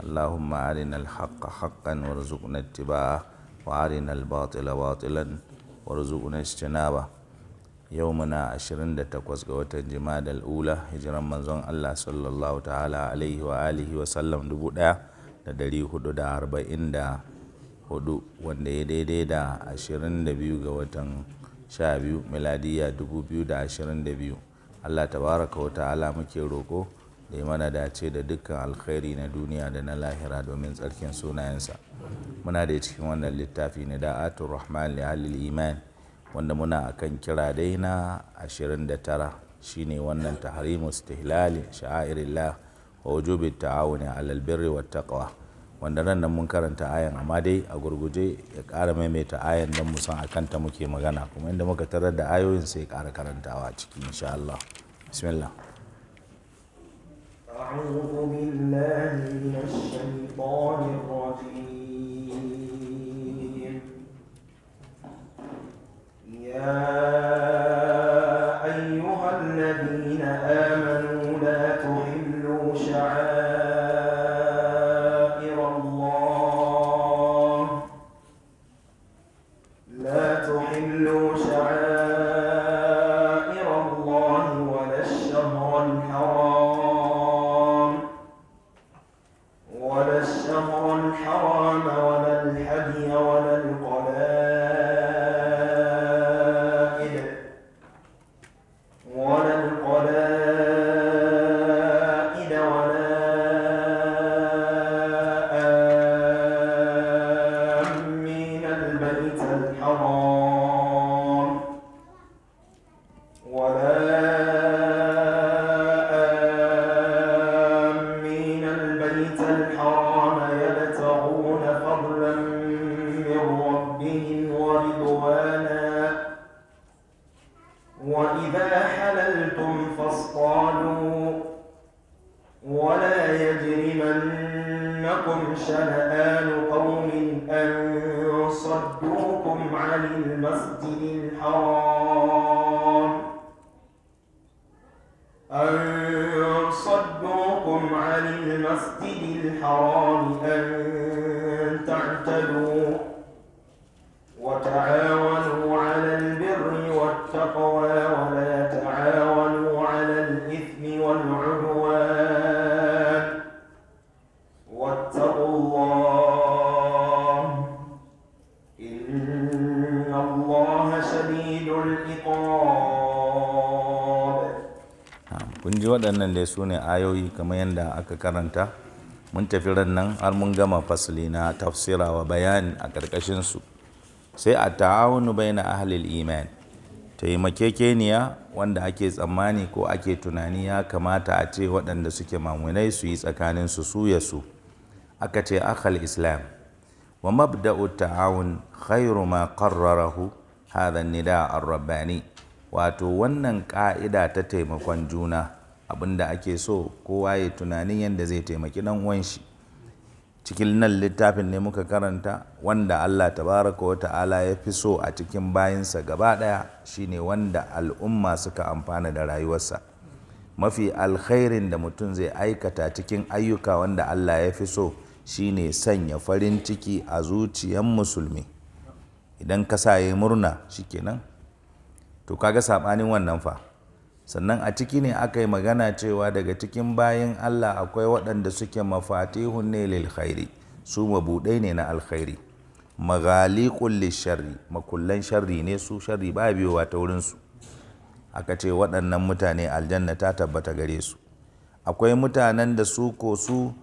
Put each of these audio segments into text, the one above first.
اللهم أرنا الحق حقا وارزقنا اتباعه وأرنا الباطل باطلا وارزقنا اجتنابه يومنا عشرين دتكوز قوات الجماد الأولى هجرا منزون الله صلى الله تعالى عليه وآله وسلم دبودا ندري dari دا da arba'in da hudu wanda دي daidai da ashirin da biyu ga watan sha biyu miladiya dubu biyu da ashirin da biyu da yi mana dace da dukkan alkhairi na duniya da na lahira domin tsarkin sunayensa muna da cikin wannan littafi na da'atul rahman li halil iman wanda muna akan kira dai na 29 shine wannan tahrimu istihlali sha'airillah wa wujubi ta'awuni alal birri wat taqwa wanda nan nan mun karanta ayan amma dai a gurguje ya ƙara maimaita ayan don mu san akan ta muke magana kuma inda muka tarar da ayoyin sai ya ƙara karantawa ciki insha Allah bismillah أعوذ بالله من الشيطان الرجيم يا أيها الذين آمنوا then how sune su ne ayoyi kamar yadda aka karanta mun tafi ran nan har mun gama fasali na tafsira wa bayani a ƙarƙashinsu sai a ta'awunu bai na ahalil iman taimakekeniya wanda ake tsammani ko ake tunani ya kamata a ce waɗanda suke mamunai su yi tsakanin su ya su aka ce akhal islam wa mabda'u ta'awun khairu ma qarrarahu hadha nida ar-rabbani wato wannan ƙa'ida ta taimakon juna abin da ake so kowa ya tunanin yadda zai taimaki dan uwan shi cikin nan littafin ne muka karanta wanda Allah tabaraka wa ta'ala ya fi so a cikin bayinsa gaba ɗaya shine wanda al'umma suka amfana da rayuwarsa mafi alkhairin da mutum zai aikata cikin ayyuka wanda Allah ya fi so shine sanya farin ciki a zuciyan musulmi idan ka sa yi murna shikenan to kaga saɓanin wannan fa sannan a ciki ne aka yi magana cewa daga cikin bayan Allah akwai waɗanda suke mafatihun ne lil khairi su mabuɗai ne na alkhairi Magali maghaliqul shari, makullan sharri ne su sharri ba biyowa ta wurin su aka ce waɗannan mutane aljanna ta tabbata gare su akwai mutanen da su ko su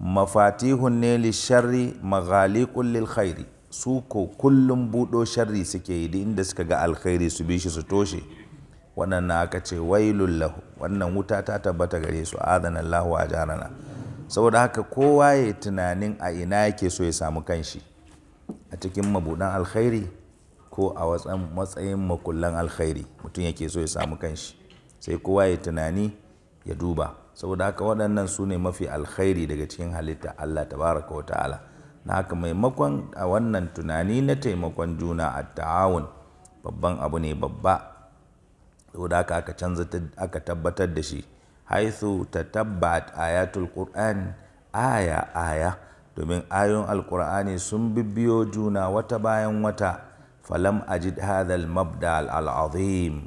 mafatihun ne lisharri magali lil khairi su ko kullum buɗo sharri suke yi da inda suka ga alkhairi su bi shi su toshe waɗannan aka ce wai lahu wannan wuta ta tabbata gare su adana Allahu a jarana saboda haka kowa ya tunanin a ina yake so ya samu kanshi a cikin mabudan alkhairi ko a matsayin makullan alkhairi mutum yake so ya samu kanshi sai kowa ya tunani ya duba saboda haka waɗannan su ne mafi alkhairi daga cikin halitta Allah tabaraka wa ta'ala na haka maimakon a wannan tunani na taimakon juna a ta'awun babban abu ne babba saboda haka aka canza aka tabbatar da shi ta tatabbat ayatul qur'an aya aya domin ayoyin alqur'ani sun bibbiyo juna wata bayan wata falam ajid hadha al-mabda al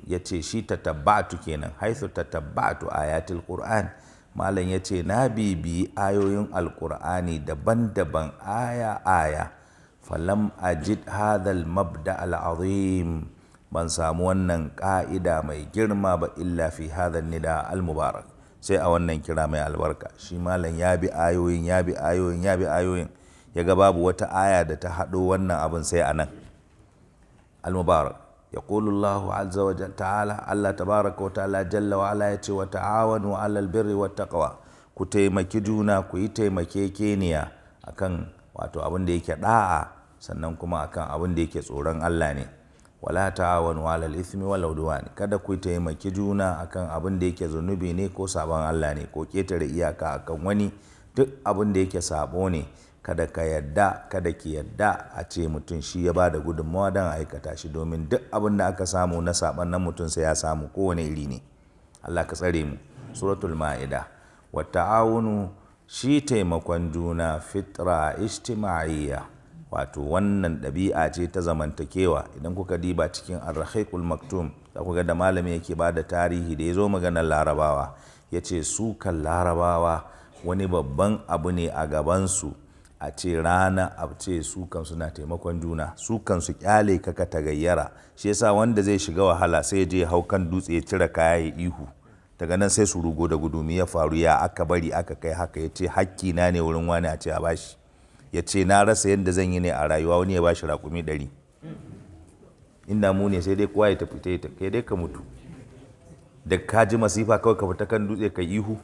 yace shi tabbatu kenan ta tabbatu ayatul qur'an malam yace na bibi ayoyin alqur'ani daban-daban aya aya falam ajid hadha al-mabda al ban samu wannan ƙa'ida mai girma ba illa fi hadhan nida al-mubarak sai a wannan kira mai albarka shi malam ya bi ayoyin ya bi ayoyin ya bi ayoyin ya ga babu wata aya da ta haɗo wannan abin sai a nan al-mubarak يقول الله عز وجل ya ya ce wa جل وعلا يتي وتعاونوا على ku taimaki juna جونا taimake keniya akan wato abin da yake da'a sannan kuma akan abin da yake tsoron Allah ne wala ta'awanu alal ithmi wal udwan kada ku taimaki juna akan abin da yake zunubi ne ko sabon Allah ne ko ketare iyaka akan wani duk abin da yake sabo ne kada ka yadda kada ki yadda a ce mutum shi ya bada gudunmawa don aikata shi domin duk abin da aka samu na saban nan mutum sai ya samu kowane iri ne Allah ka tsare mu suratul ma'ida wa ta'awunu shi taimakon juna fitra ijtima'iyya wato wannan ɗabi'a ce ta zamantakewa idan kuka diba cikin arrahaikul maktum za ku da malami yake ba da tarihi da ya zo maganar larabawa ya ce sukan larabawa wani babban abu ne a gabansu a ce rana a ce sukan suna taimakon juna sukan su kyale kaka ta gayyara shi yasa wanda zai shiga wahala sai je hau kan dutse ya cire kaya ya ihu daga nan sai su rugo da gudumi ya faru ya aka bari aka kai haka ya ce hakki na ne wurin wani a ce a bashi ya ce na rasa yadda zan yi ne a rayuwa wani ya bashi raƙumi ɗari inda mu ne sai dai kowa ya tafi ta kai dai ka mutu da ka ji masifa kawai ka fita kan dutse ka ihu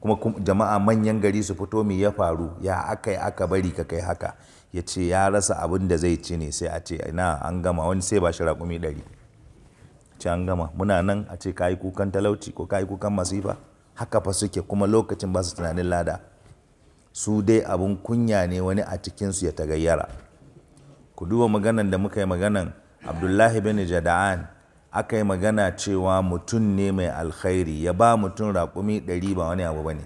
kuma jama'a manyan gari su fito me ya faru ya aka yi aka bari ka kai haka ya ce ya rasa abin da zai ci ne sai a ce na an gama wani sai ba shi raƙumi ɗari ce an gama muna nan a ce ka yi kukan talauci ko ka yi kukan masifa haka fa suke kuma lokacin ba su tunanin lada su dai abin kunya ne wani a cikinsu ya ta tagayyara ku duba maganan da muka yi maganan abdullahi bin jada'an aka yi magana cewa mutum ne mai alkhairi ya ba mutum raƙumi ɗari ba wani abu ba ne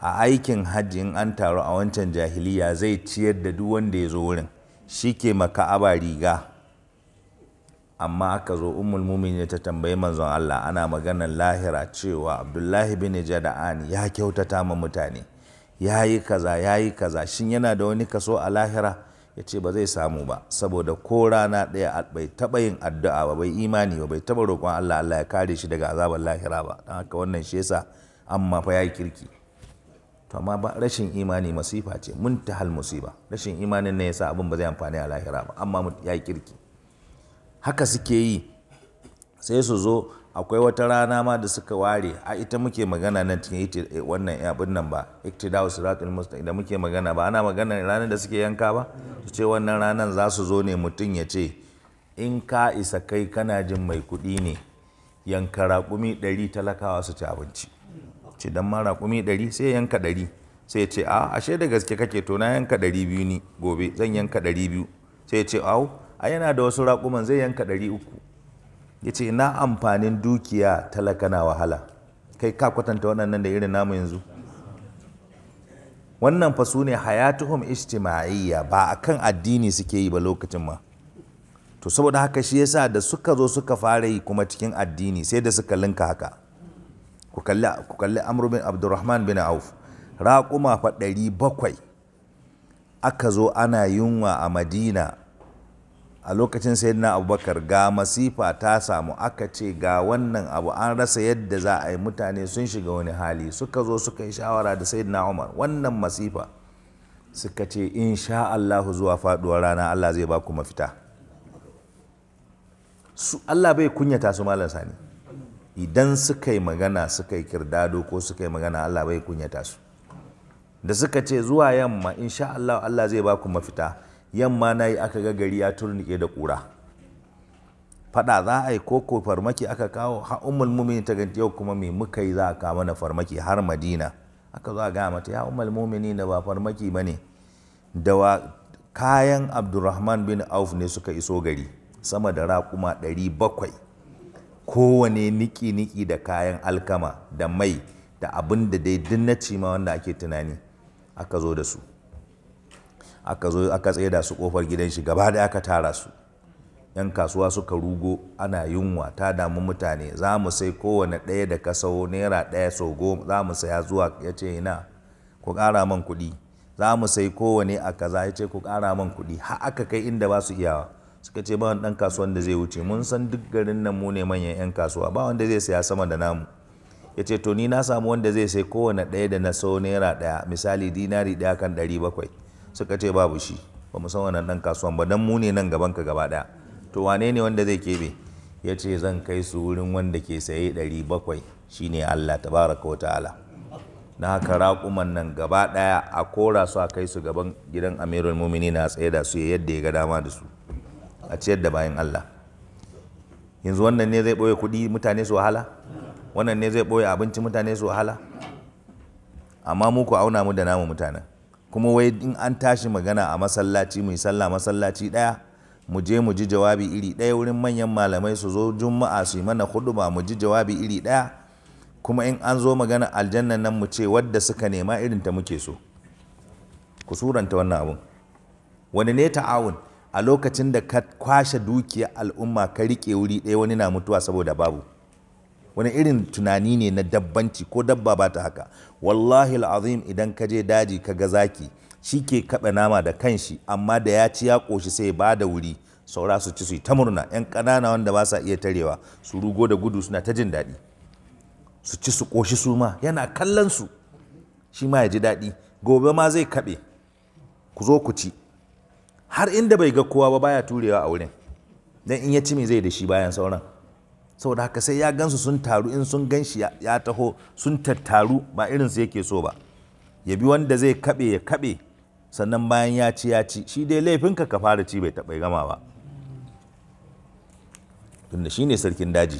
a aikin hajji in an taru a wancan jahiliya zai ciyar da duk wanda ya zo wurin shi ke maka Aba riga amma aka zo ummul mumin ta tambayi manzon Allah ana maganar lahira cewa abdullahi bin jada'an ya kyautata ma mutane ya yi kaza ya yi kaza shin yana da wani kaso a lahira ya ce ba zai samu ba saboda ko rana ɗaya bai taɓa yin addu'a ba bai imani ba bai taɓa roƙon Allah Allah ya kare shi daga azabar lahira ba don haka wannan shi yasa amma fa yi kirki to amma ba rashin imani masifa ce mun ta hal musiba rashin imanin ne yasa abin ba zai amfani a lahira ba amma yi kirki haka suke yi sai su zo akwai wata rana ma da suka ware a ita muke magana nan cikin eh, wannan abin nan ba iktidawu siratul mustaqim da muke magana ba ana magana ranar da suke yanka ba su ce wannan ranar za su zo ne mutum ya ce in ka isa kai kana jin mai kuɗi ne yanka raƙumi ɗari talakawa su ci abinci ce dan ma raƙumi ɗari sai yanka ɗari sai ya ce a ashe da gaske kake to na yanka ɗari biyu ni gobe zan yanka ɗari biyu sai ya ce au a yana da wasu raƙuman zai yanka ɗari uku ya ce ina amfanin dukiya talaka na wahala kai ka kwatanta waɗannan da irin namu yanzu wannan fasu su ne hayatuhum ijtima'iyya ba akan addini suke yi ba lokacin ma to saboda haka shi yasa da suka zo suka fara yi kuma cikin addini sai da suka linka haka ku kalli ku kalli amru bin Abdurrahman bin Auf raƙuma fa 700 bakwai aka zo ana yunwa a Madina a lokacin sayyidina abubakar ga masifa ta samu aka ce ga wannan abu an rasa yadda za a yi mutane sun shiga wani hali suka zo suka yi shawara da sayyidina umar wannan masifa suka ce in sha Allahu zuwa faduwar rana Allah zai ba ku mafita su Allah bai kunyata su malam sani idan suka yi magana suka yi kirdado ko suka yi magana Allah bai kunyata su da suka ce zuwa yamma in sha Allah Allah zai ba ku mafita yamma na yi aka ga gari ya turnike da ƙura fada za a yi koko farmaki aka kawo ha ummul ta ganti yau kuma me muka yi za a kawo na farmaki har madina aka zo a gaya mata ya ummul mumini da ba farmaki ba ne da wa kayan abdurrahman bin auf ne suka iso gari sama da raƙuma ɗari bakwai kowane niki-niki da kayan alkama da mai da abin da dai duk na cima wanda ake tunani aka zo da su aka zo aka da su kofar gidan shi gaba da aka tara su yan kasuwa suka rugo ana yunwa ta damu mutane za mu sai kowane ɗaya da kasau naira ɗaya sau goma za mu saya zuwa ya ce ina ku ƙara man kuɗi za mu sai kowane a kaza ya ce ku ƙara man kuɗi har aka kai inda ba su iyawa suka ce ba ɗan kasuwan da zai wuce mun san duk garin nan mu ne manyan 'yan kasuwa ba wanda zai saya sama da namu ya ce to ni na samu wanda zai sai kowane ɗaya da na sau naira ɗaya misali dinari ɗaya kan ɗari bakwai suka ce babu shi ba mu san wannan dan kasuwan ba dan mu ne nan gaban ka gaba daya to wane ne wanda zai kebe ya ce zan kai su wurin wanda ke saye 700 shine Allah tabaraka wa ta'ala na haka raƙuman nan gaba daya a kora su a kai su gaban gidan amirul mumini na tsaye da su yadda ya ga dama da su a ciyar da bayan Allah yanzu wannan ne zai ɓoye kuɗi mutane su wahala wannan ne zai ɓoye abinci mutane su wahala amma muku auna mu da namu mutanen kuma wai in an tashi magana a masallaci mu sallah masallaci daya mu je mu ji jawabi iri ɗaya wurin manyan malamai su zo juma'a su yi mana ba mu ji jawabi iri ɗaya kuma in an zo magana aljannan nan mu ce wadda suka nema irin ta muke so ku suranta wannan abun wani ne ta'awun a lokacin da ka kwashe dukiyar al'umma ka rike wuri ɗaya wani na mutuwa saboda babu wani irin tunani ne na dabbanci ko dabba ba ta haka wallahi azim idan ka je daji ka ga zaki shi ke kaɓe nama da kanshi amma da ya ci ya ƙoshi sai ba da wuri saura su ci su yi ta murna yan ƙanana wanda ba sa iya tarewa su rugo da gudu suna ta jin daɗi su ci su ƙoshi su ma yana kallon su shi ma ya ji daɗi gobe ma zai kaɓe ku zo ku ci har inda bai ga kowa ba baya turewa a wurin dan in ya ci me zai da shi bayan sauran saboda haka sai ya gansu sun taru in sun gan shi ya taho sun tattaru ba irin su yake so ba ya bi wanda zai kabe ya kabe sannan bayan ya ci ya ci shi dai laifin ka ka fara ci bai taɓa gama ba tunda shi ne sarkin daji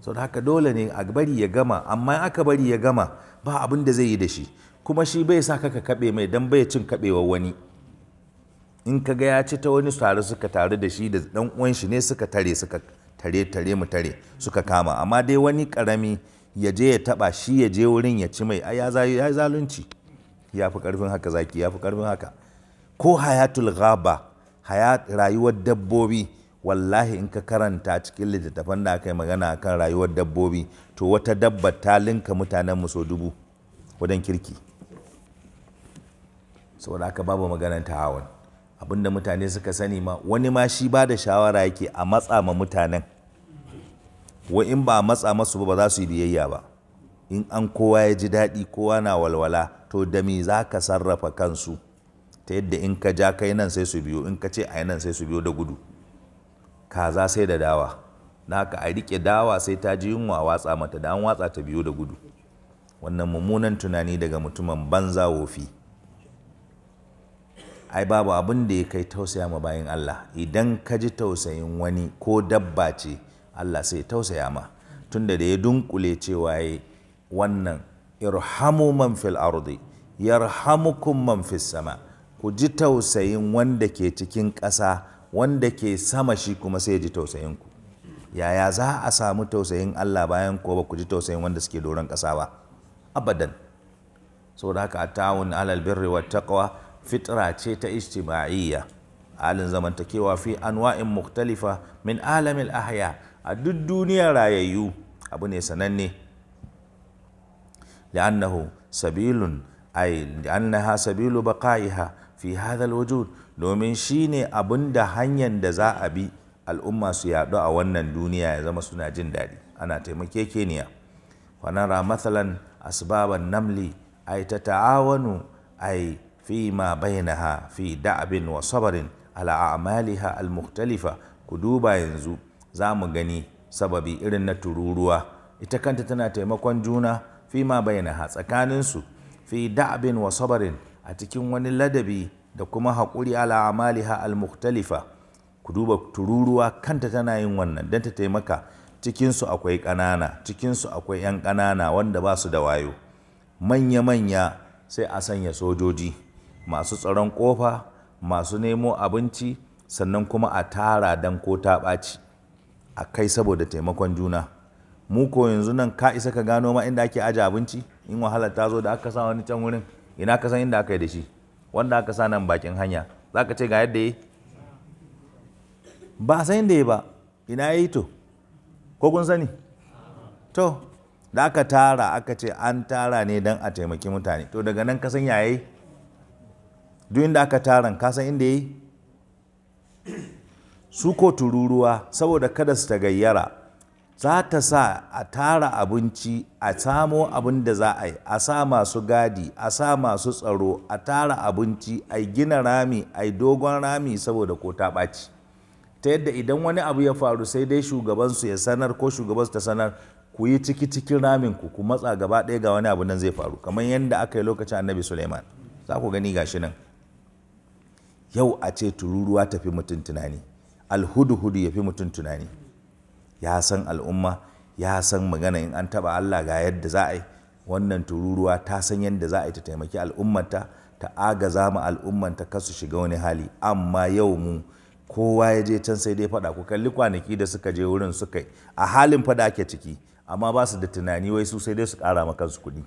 saboda haka dole ne a bari ya gama amma aka bari ya gama ba abin da zai yi da shi kuma shi bai sa ka kaɓe mai dan bai cin kaɓewar wani in ka ga ya ci ta wani tare suka taru da shi da dan uwan shi ne suka tare suka tare tare mu tare suka kama amma dai wani karami ya je ya taba shi ya je wurin ya ci mai ai ya zalunci ya fi karfin haka zaki ya fi karfin haka ko hayatul ghaba hayat rayuwar dabbobi wallahi in ka karanta cikin littattafan da aka yi magana akan rayuwar dabbobi to wata dabba ta linka mutanen mu so dubu wajen kirki saboda aka babu maganar ta hawan abinda mutane suka sani ma wani ma shi ba da shawara yake a matsa ma mutanen wa in ba matsa masu ba za su yi biyayya ba in an kowa ya ji daɗi kowa na walwala to da me za ka sarrafa kansu ta yadda in ka ja kai nan sai su biyo in ka ce a nan sai su biyo da gudu kaza sai da dawa na haka a riƙe dawa sai ta ji yunwa watsa mata da an watsa ta biyo da gudu wannan mummunan tunani daga mutumin banza wofi ai babu abin da ya kai tausaya ma bayan Allah idan ka ji tausayin wani ko dabba ce Allah sai tausaya ma tunda da ya dunkule cewa yi wannan irhamu man fil ardi yarhamukum man fis sama ku ji tausayin wanda ke cikin ƙasa wanda ke sama shi kuma sai ji tausayin ku yaya za a samu tausayin Allah bayan ko ba ku ji tausayin wanda suke doron ƙasa ba abadan saboda haka ta'awun alal birri wat taqwa fitra ce ta ijtima'iyya alin zamantakewa fi anwa'in mukhtalifa min alamil ahya a duk duniyar rayayyu abu ne sananne li'annahu sabilun ay li'annaha sabilu baqa'iha fi hadha alwujud domin shine abin da hanyar da za a bi al'umma su yaɗu a wannan duniya ya zama suna jin daɗi ana keniya. fanara mathalan asbaban namli ay ta'awanu ay fi ma bainaha fi da'bin wa sabarin ala a'maliha al-mukhtalifa ku duba yanzu za mu gani sababi irin na tururuwa ita kanta tana taimakon juna fi ma bayyana tsakaninsu fi da'abin wa sabarin a cikin wani ladabi da kuma haƙuri ala amaliha al-mukhtalifa ku duba tururuwa kanta tana yin wannan don ta taimaka cikinsu akwai ƙanana cikinsu akwai 'yan ƙanana wanda ba su da wayo manya-manya sai a sanya sojoji masu tsaron ƙofa masu nemo abinci sannan kuma a tara dan ko ta ɓaci a kai saboda taimakon juna mu ko yanzu nan ka isa ka gano ma inda ake aje abinci in wahala ta zo da aka sa wani can wurin ina ka san inda aka yi da shi wanda aka sa nan bakin hanya za ka ce ga yadda yi ba san inda yi ba ina yi to ko kun sani to da aka tara aka ce an tara ne don a taimaki mutane to daga nan ka san yayi duk inda aka taran ka san inda yi su ko tururuwa saboda kada su ta gayyara za ta sa a tara abinci a samo abin da za a yi a sa masu gadi a sa masu tsaro a tara abinci a gina rami a dogon rami saboda ko ta ɓaci ta yadda idan wani abu ya faru sai dai shugabansu ya sanar ko shugabansu ta sanar ku yi ciki cikin ramin ku ku matsa gaba ɗaya ga wani abu nan zai faru kamar yadda aka yi lokacin annabi suleiman za ku gani gashi nan yau a ce tururuwa tafi mutum tunani alhudu-hudu ya fi mutum tunani ya san al'umma ya san magana in an taba Allah ga yadda za a yi wannan tururuwa ta san yadda za a yi ta taimaki al'ummata ta agaza ma al'ummanta kasu shiga wani hali amma yau mu kowa ya je can sai dai faɗa ku kalli kwanaki da suka je wurin suka yi a halin faɗa ake ciki amma ba su da tunani wai su sai dai su ƙara maka su kuɗi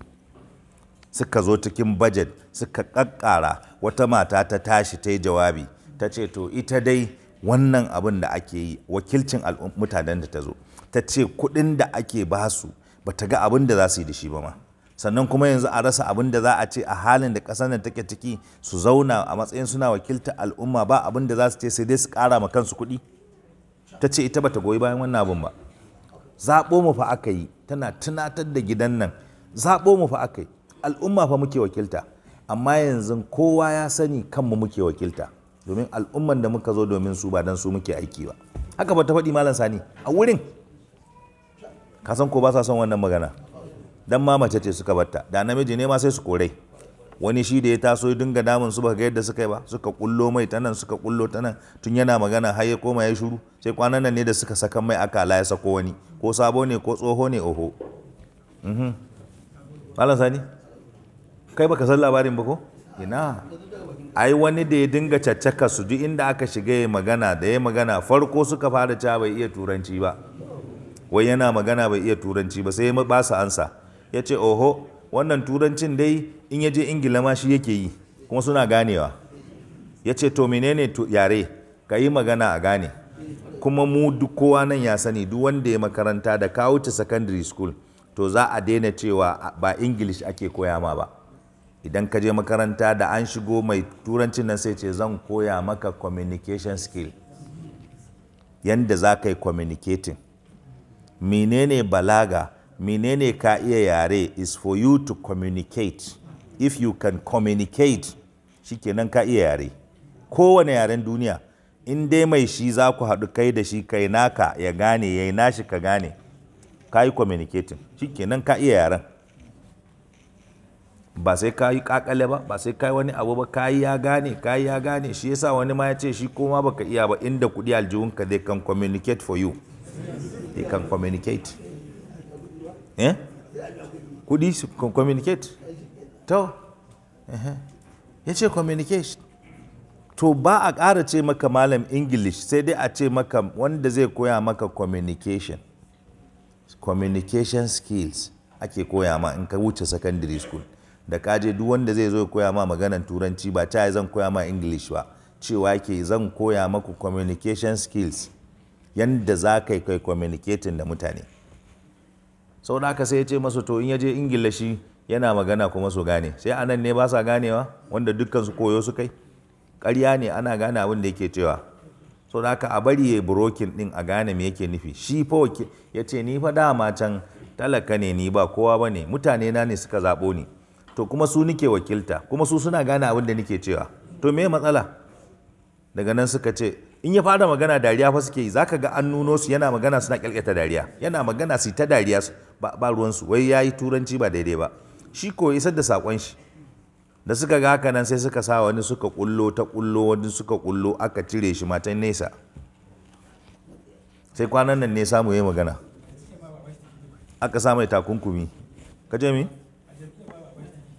suka zo cikin bajet suka ƙaƙƙara wata mata ta tashi ta yi jawabi ta ce to ita dai wannan abin da ake yi wakilcin mutanen da ta zo ta ce kuɗin da ake ba su ba ta ga abin da za su yi da shi ba ma sannan kuma yanzu a rasa abin da za a ce a halin da ƙasar nan take ciki su zauna a matsayin suna wakilta al'umma ba abin da za su ce sai dai su ƙara ma kansu kuɗi ta ce ita ba ta goyi bayan wannan abin ba zaɓo mu fa aka yi tana tunatar da gidan nan zaɓo mu fa aka yi al'umma fa muke wakilta amma yanzu kowa ya sani kanmu muke wakilta domin al'umman da muka zo domin su ba dan su muke aiki ba haka ba ta faɗi malam sani a wurin ka ko ba sa son wannan magana dan ma mace ce suka batta da namiji ne ma sai su korai wani shi da ya taso dinga damun su ba ga yadda suka yi ba suka kullo mai ta nan suka kullo ta nan tun yana magana har ya koma ya shuru sai kwanan nan ne da suka saka mai akala ya sako wani ko sabo ne ko tsoho ne oho mhm. malam sani kai baka san labarin ba ko ina ai wani da ya dinga caccaka su duk inda aka shiga ya magana da ya magana farko suka fara cewa bai iya turanci ba wai yana magana bai iya turanci ba sai ya ba su ansa ya ce oho wannan turancin dai in ya je ingila ma shi yake yi kuma suna ganewa ya ce to menene yare ka yi magana a gane kuma mu duk kowa nan ya sani duk wanda ya makaranta da ka wuce secondary school to za a daina cewa ba english ake koya ma ba idan ka je makaranta da an shigo mai turancin nan sai ce zan koya maka communication skill yadda za ka yi communicating menene balaga menene ka iya yare is for you to communicate if you can communicate shikenan ka iya yare kowane yaren duniya in dai mai shi za ku haɗu kai da shi kai naka ya gane ya yi nashi ka gane ka yi communicating shikenan ka iya yaren ba sai ka yi kakale ba ba sai ka yi wani abu ba ka yi ya gane ka yi ya gane shi yasa wani ma ya ce shi koma baka iya ba inda kuɗi aljihunka dai kan communicate for you they can communicate eh kuɗi su kan communicate to ya ce communication to ba a ƙara ce maka malam english sai dai a ce maka wanda zai koya maka communication communication skills ake koya ma in ka wuce secondary school da kaje duk wanda zai zo koya ma maganan turanci ba ta zan koya ma english ba cewa ke zan koya maku communication skills yadda za ka yi kai communicating da mutane sau da sai ya ce masu to in ya je Ingilishi yana magana kuma su gane sai anan ne ba sa ganewa wanda dukkan su koyo su kai ƙarya ne ana gane abin da yake cewa sau da aka a bari ya brokin din a gane me yake nufi shi fa ya ce ni fa dama can talaka ne ni ba kowa ba ne mutane na ne suka zaɓo ni to kuma su nike wakilta kuma su suna gane abin da nike cewa to me matsala daga nan suka ce in ya fara magana dariya fa suke yi zaka ga an nuno su yana magana suna kyalkyata dariya yana magana su ta dariya ba ruwan su wai ya yi turanci ba daidai ba shi ko isar da sakon shi da suka ga haka nan sai suka sa wani suka kullo ta kullo wani suka kullo aka cire shi matan nesa sai kwanan nan ne samu ya magana aka sa mai takunkumi ka je mi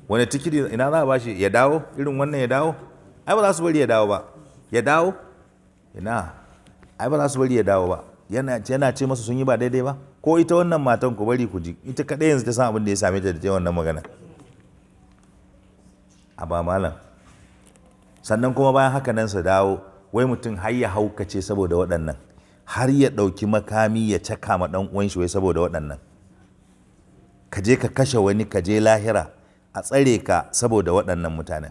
wani tikiri ina za a bashi ya dawo irin wannan ya dawo ai ba za su bari ya dawo ba ya dawo ina ai ba za su bari ya dawo ba yana ce masa sun yi ba daidai ba ko ita wannan matan ku bari ku ji ita kadai yanzu ta san abin da ya same ta da ta wannan magana a ba malam sannan kuma bayan haka nan su dawo wai mutum har ya haukace saboda waɗannan har ya ɗauki makami ya caka ma ɗan uwan shi wai saboda waɗannan ka je ka kashe wani ka je lahira a tsare ka saboda waɗannan mutanen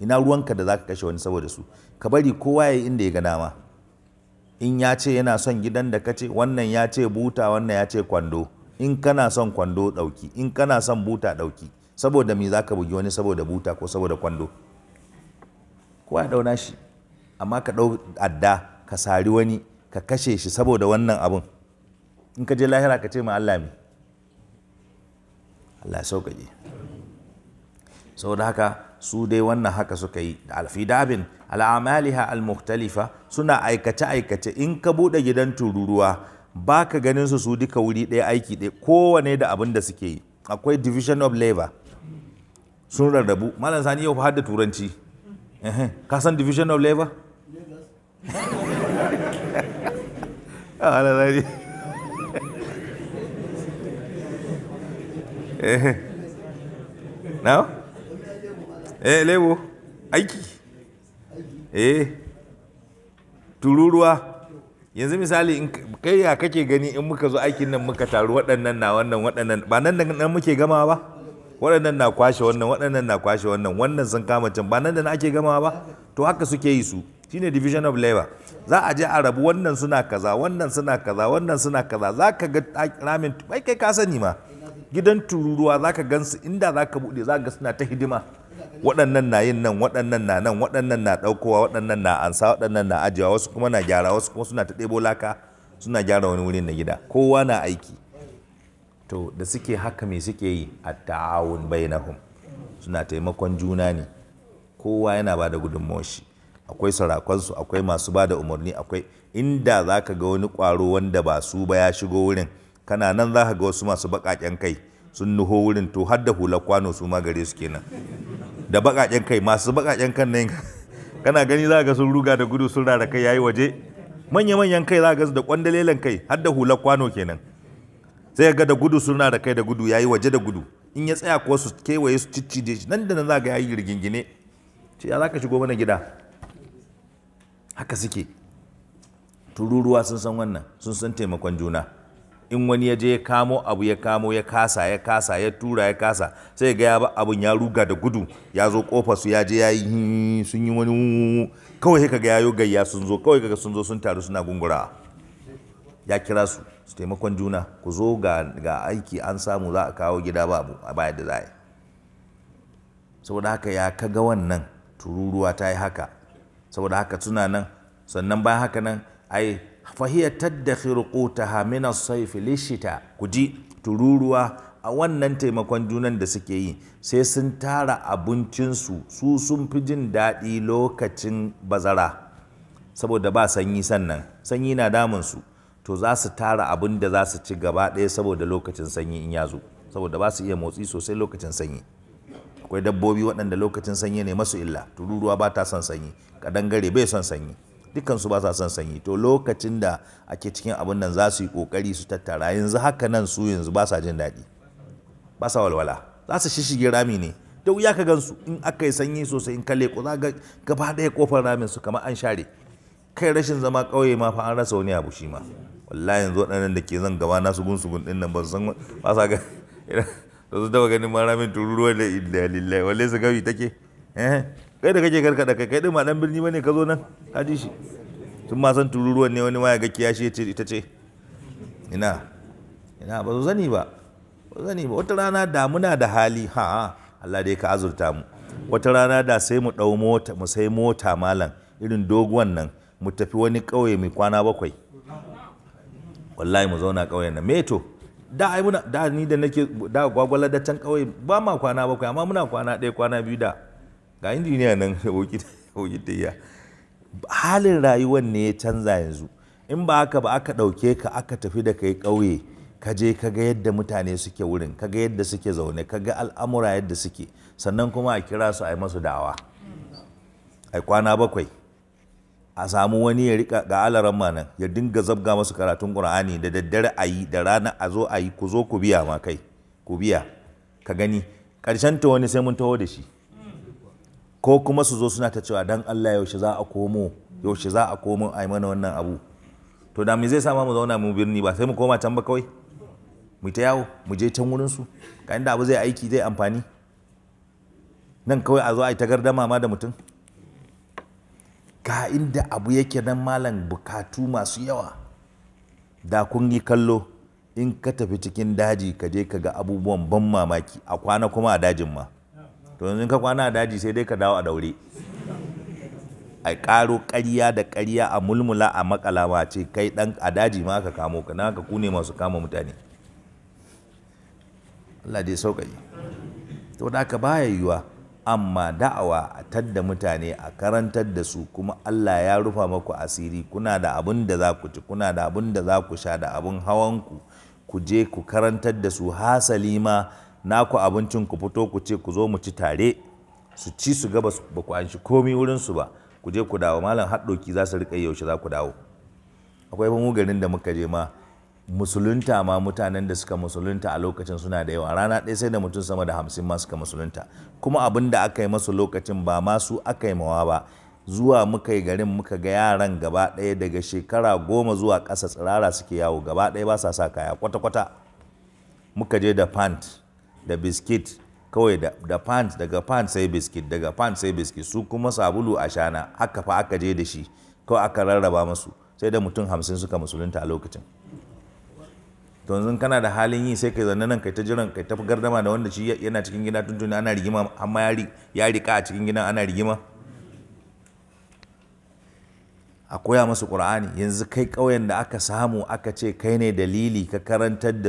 ina ruwanka da za ka kashe wani saboda su ka bari kowa ya yi inda ya ga dama in ya ce yana son gidan da ka ce wannan ya ce buta wannan ya ce kwando in kana son kwando ɗauki in kana son buta ɗauki saboda mi za ka bugi wani saboda buta ko saboda kwando kowa ya ɗauna shi amma ka ɗau adda ka sari wani ka kashe shi saboda wannan abun in ka je lahira ka ce ma Allah mi, Allah sauƙaƙe sau da haka su dai wannan haka suka yi da alfidabin al'amaliha al muktalifa suna aikace aikace in ka bude gidan tururuwa baka ganin su su duka wuri ɗaya aiki ɗaya kowane da abin da suke yi akwai division of labor sun rarrabu malam sani yau har da turanci ka san division of labor ah, Now? eh lebo aiki eh tururuwa yanzu misali kai ya kake gani in muka zo aikin nan muka taru waɗannan na wannan waɗannan ba nan nan muke gama ba waɗannan na kwashe wannan waɗannan na kwashe wannan wannan sun kama can ba nan da ake gama ba to haka suke yi su shine division of labor za a je a rabu wannan suna kaza wannan suna kaza wannan suna kaza za ka ga ramin bai kai ka sani ma gidan tururuwa za ka gansu inda za ka buɗe za ka ga suna ta hidima waɗannan na yin nan waɗannan na nan waɗannan na ɗaukowa waɗannan na ansa waɗannan na ajiyewa wasu kuma na gyara wasu kuma suna ta ɗebo laka suna gyara wani wurin na gida kowa na aiki to da suke haka me suke yi a ta'awun bainahum suna taimakon juna ne kowa yana ba da shi akwai sarakonsu akwai masu ba da umarni akwai inda za ka ga wani ƙwaro wanda ba su ba ya shigo wurin kana nan za ka ga wasu masu baƙaƙen kai sun nuho wurin to har da hula kwano su ma gare su kenan da baƙaƙen kai masu baƙaƙen kan nan kana gani za ga sun ruga da gudu sun rara kai yayi waje manya-manyan kai za ga su da kwandalelan kai har da hula kwano kenan sai ga da gudu sun rara kai da gudu yayi waje da gudu in ya tsaya ko su kewaye su ciccije shi nan da nan za ga yayi rigingine ce ya za ka shigo mana gida haka suke tururuwa sun san wannan sun san taimakon juna in wani ya je ya kamo abu ya kamo ya kasa ya kasa ya tura ya kasa sai ga ba abun ya ruga da gudu ya zo kofarsu su ya je ya yi sun yi wani kawai ga yayo gayya sun zo kawai kaga sun zo sun taru suna gungura ya kira su su taimakon juna ku zo ga aiki an samu za a kawo gida ba a bayar da za a yi saboda haka ya kaga wannan tururuwa ta yi haka saboda haka suna nan sannan bayan haka nan ai fahiyar taddakhiru qutaha min as-sayf lishita kuji tururuwa a wannan taimakon junan da suke yi sai sun tara abincinsu su sun fi jin daɗi lokacin bazara saboda ba sanyi sannan sanyi na su to za su tara abin da za su ci gaba ɗaya saboda lokacin sanyi in ya zo saboda ba su iya motsi sosai lokacin sanyi akwai dabbobi waɗanda lokacin sanyi ne masu illa tururuwa ba ta son sanyi kadangare bai son sanyi dukansu ba sa son sanyi to lokacin da ake cikin abin nan za su yi kokari su tattara yanzu haka nan su yanzu ba sa jin daɗi ba sa walwala za su shishige rami ne da wuya ka gansu in aka yi sanyi sosai in kalle ko za ga gaba ɗaya kofar ramin su kamar an share kai rashin zama ƙauye ma fa an rasa wani abu shi ma wallahi yanzu waɗannan da ke zan gaba na su gun gun ɗin ban san ba sa ga da su taɓa ganin ma ramin tururuwa da illa lillahi wallahi su gawi take eh kai da kake karkada kai kai din ma dan birni bane ka zo nan ka ji shi tun ma san tururuwan ne wani ma ya ga kiyashi ya ce ita ce ina ina ba zo zani ba ba zani ba wata rana da muna da hali ha Allah dai ka azurta mu wata rana da sai mu dau mota mu sai mota malam irin doguwan nan mu tafi wani kauye mai kwana bakwai wallahi mu zauna kauyen nan meto da ai muna da ni da nake da gwagwala da can kauye ba ma kwana bakwai amma muna kwana ɗaya kwana biyu da ga injiniya nan da iya halin rayuwar ne ya canza yanzu in ba haka ba aka ɗauke ka aka tafi da kai ƙauye ka je ka ga yadda mutane suke wurin ka ga yadda suke zaune ka ga al'amura yadda suke sannan kuma a kira su a yi masu dawa ai kwana bakwai a samu wani ya rika ga alaran nan ya dinga zabga masu karatun qur'ani da daddare a yi da rana a zo a yi ku zo ku biya ma kai ku biya ka gani ƙarshen ta wani sai mun taho da shi ko kuma su zo suna ta cewa dan Allah yaushe za a komo yaushe za a komo a yi mana wannan abu to da me zai sa ma mu zauna mu birni ba sai mu koma can ba kawai mu ta yawo mu je can wurin su ga inda abu zai aiki zai amfani nan kawai a zo a yi ta gardama ma da mutum ga inda abu yake nan malam bukatu masu yawa da kun yi kallo in ka tafi cikin daji ka je ka ga abubuwan ban mamaki a kwana kuma a dajin ma to yanzu ka kwana a daji sai dai ka dawo a daure a karo ƙarya da ƙarya a mulmula a makala ce kai dan a daji ma aka kamo ka naka ku ne masu kama mutane Allah dai sauƙaƙe to da aka baya yiwa amma da'awa a tadda mutane a karantar da su kuma Allah ya rufa maku asiri kuna da abin da za ku ci kuna da abin da za ku sha da abin hawanku ku je ku karantar da su hasali ma naku abincin ku fito ku ce ku zo mu ci tare su ci su ga ba ku anshi komi wurin su ba ku je ku dawo malam haddoki za su rika yaushe za ku dawo akwai mu garin da muka je ma musulunta ma mutanen da suka musulunta a lokacin suna da yawa rana ɗaya sai da mutum sama da hamsin ma suka musulunta kuma abin da aka yi masu lokacin ba ma su aka yi mawa ba zuwa muka yi garin muka ga yaran gaba ɗaya daga shekara goma zuwa ƙasa tsirara suke yawo gaba ɗaya ba sa sa kaya kwata-kwata muka je da pant da biskit kawai da pants daga pants sai biskit daga pants sai biskit su kuma sabulu a shana haka fa aka je da shi kawai aka rarraba masu sai da mutum hamsin suka musulunta a lokacin to yanzu kana da halin yi sai kai zanne nan kai ta jiran kai ta gardama da wanda shi yana cikin gida tuntuni ana rigima amma ya rika a cikin gidan ana rigima a koya masu ƙur'ani yanzu kai ƙauyen da aka samu aka ce kai ne dalili ka karantar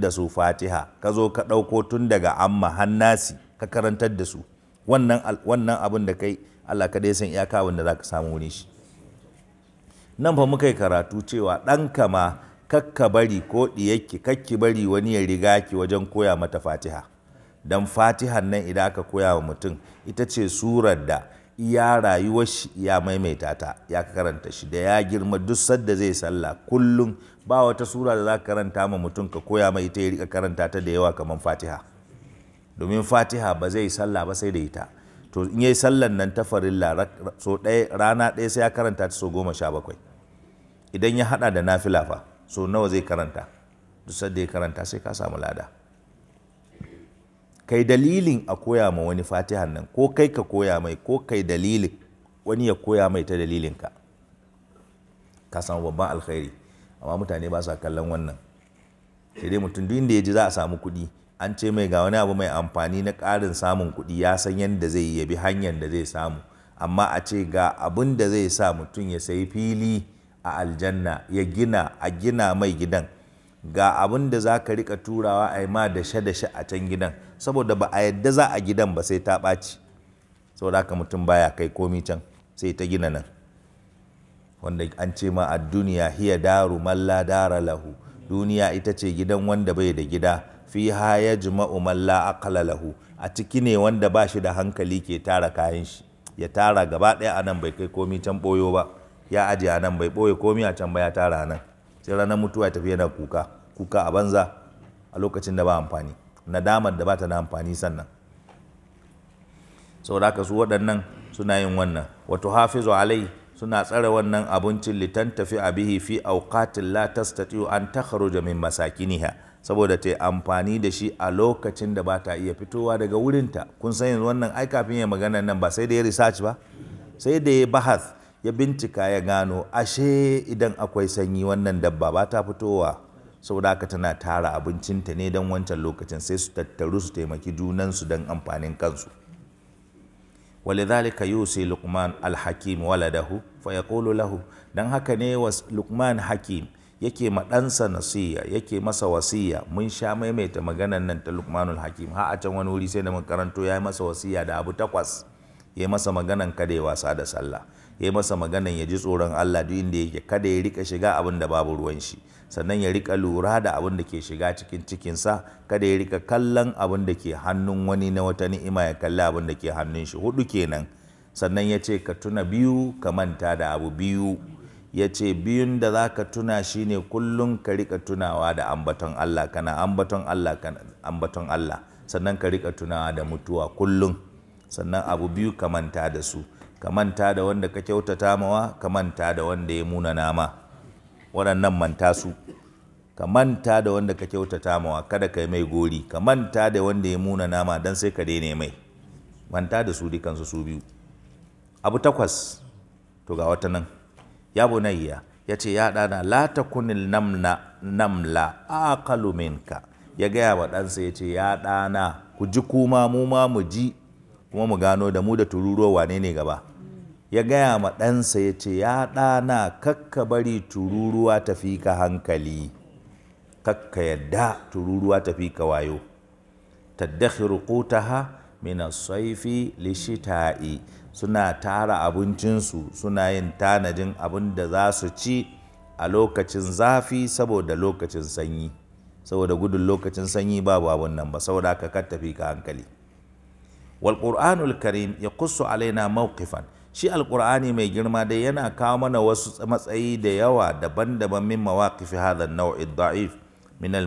da su fatiha ka zo ka ɗauko tun daga amma hannasi ka karantar da su wannan wannan abin da kai Allah ka san iyaka wanda za ka samu wani shi nan fa muka yi karatu cewa ɗan ma kakka bari ko ɗiyakki kakki bari wani ya riga ki wajen koya mata fatiha don fatihan nan idan aka koya wa mutum ita ce surar da ya rayuwar shi ya maimaita ta ya karanta shi da ya girma duk sadda zai sallah kullum ba wata sura da za ka karanta ma mutum ka koya mai ita ya rika karanta ta da yawa kamar fatiha domin fatiha ba zai sallah ba sai da ita to in yi sallan nan ta farilla so ɗaya rana ɗaya sai ya karanta ta so goma sha bakwai idan ya haɗa da nafila fa so nawa zai karanta duk sadda ya karanta sai ka samu lada kai dalilin a koya ma wani fatihan nan ko kai ka koya mai ko kai dalilin wani ya koya mai ta dalilin ka samu babban alkhairi amma mutane ba sa kallon wannan sai dai mutum duk inda ya ji za a samu kuɗi an ce mai ga wani abu mai amfani na ƙarin samun kuɗi ya san yadda zai yi bi hanyar da zai samu amma a ce ga abin da zai sa mutum ya sayi fili a aljanna ya gina a gina mai gidan ga abin da za ka riƙa turawa a yi ma da dashe a can gidan saboda ba a yadda za a gidan ba sai ta ɓaci saboda haka mutum baya kai komi can sai ta gina nan wanda an ce ma a duniya hiya daru malla dara lahu duniya ita ce gidan wanda bai da gida fi ha jima'u malla akala lahu a ciki ne wanda ba shi da hankali ke tara kayan shi ya tara gaba ɗaya a nan bai kai komi can ɓoyo ba ya aje a nan bai ɓoye komi a can ba ya tara nan sai ranar mutuwa ya tafi yana kuka kuka a banza a lokacin da ba amfani nadamar da ba ta da amfani sannan saboda haka su waɗannan suna yin wannan wato hafizu alai suna tsare wannan abincin litantafi a bihi fi auqatin la tastati'u an takhruja min masakiniha saboda ta amfani da shi a lokacin da ba ta iya fitowa daga wurinta kun san yanzu wannan ai kafin ya magana nan ba sai da ya research ba sai da ya bahas ya bincika ya gano ashe idan akwai sanyi wannan dabba ba ta fitowa saboda haka tana tara abincinta ne don wancan lokacin sai su tattaru su taimaki junansu don amfanin kansu ولذلك wala da hu ولده فيقول له dan haka ne Luqman Hakim yake ma nasiya yake masa wasiya mun sha maimaita maganan nan ta Luqmanul Hakim har a can wani wuri sai da mun karanto yayi masa wasiya da abu takwas yi masa maganan kada ya wasa da sallah yayi masa maganan ya ji tsoron Allah duk inda yake kada ya rika shiga abin da babu ruwan shi sannan ya rika lura da abin da ke shiga cikin cikinsa kada ya rika kallon abin da ke hannun wani na wata ni'ima ya kalli abin da ke hannun shi hudu kenan sannan ya ce ka tuna biyu ka manta da abu biyu ya ce biyun da za ka tuna shine kullum ka rika tunawa da ambaton Allah kana ambaton Allah kana ambaton Allah sannan ka rika tunawa da mutuwa kullum sannan abu biyu ka manta da su ka manta da wanda ka kyautata mawa ka manta da wanda ya muna nama waɗannan manta su ka manta da wanda ka kyautata mawa kada ka yi mai gori ka manta da wanda ya muna nama don sai ka daina mai manta da su dukansu su biyu abu takwas to ga wata nan ya bunayya ya ce ya ɗana la takunil namna namla aqalu minka ya gaya wa ɗansa ya ce ya ɗana ku ji kuma mu ma mu ji kuma mu gano da mu da tururuwa wane ne gaba ya gaya ma ɗansa ya ce ya ɗana kakka bari tururuwa ta fi ka hankali kakka yadda tururuwa ta fi ka wayo taddakhiru qutaha min as-sayfi lishita'i suna tara abincinsu suna yin tanajin abin da za su ci a lokacin zafi saboda lokacin sanyi saboda gudun lokacin sanyi babu abin nan ba saboda ka kattafi ka hankali wal qur'anul karim yaqussu alaina maukifan. shi alkur'ani mai girma dai yana kawo mana wasu matsayi da yawa daban-daban min mawaqifi hadha nau'i da'if min al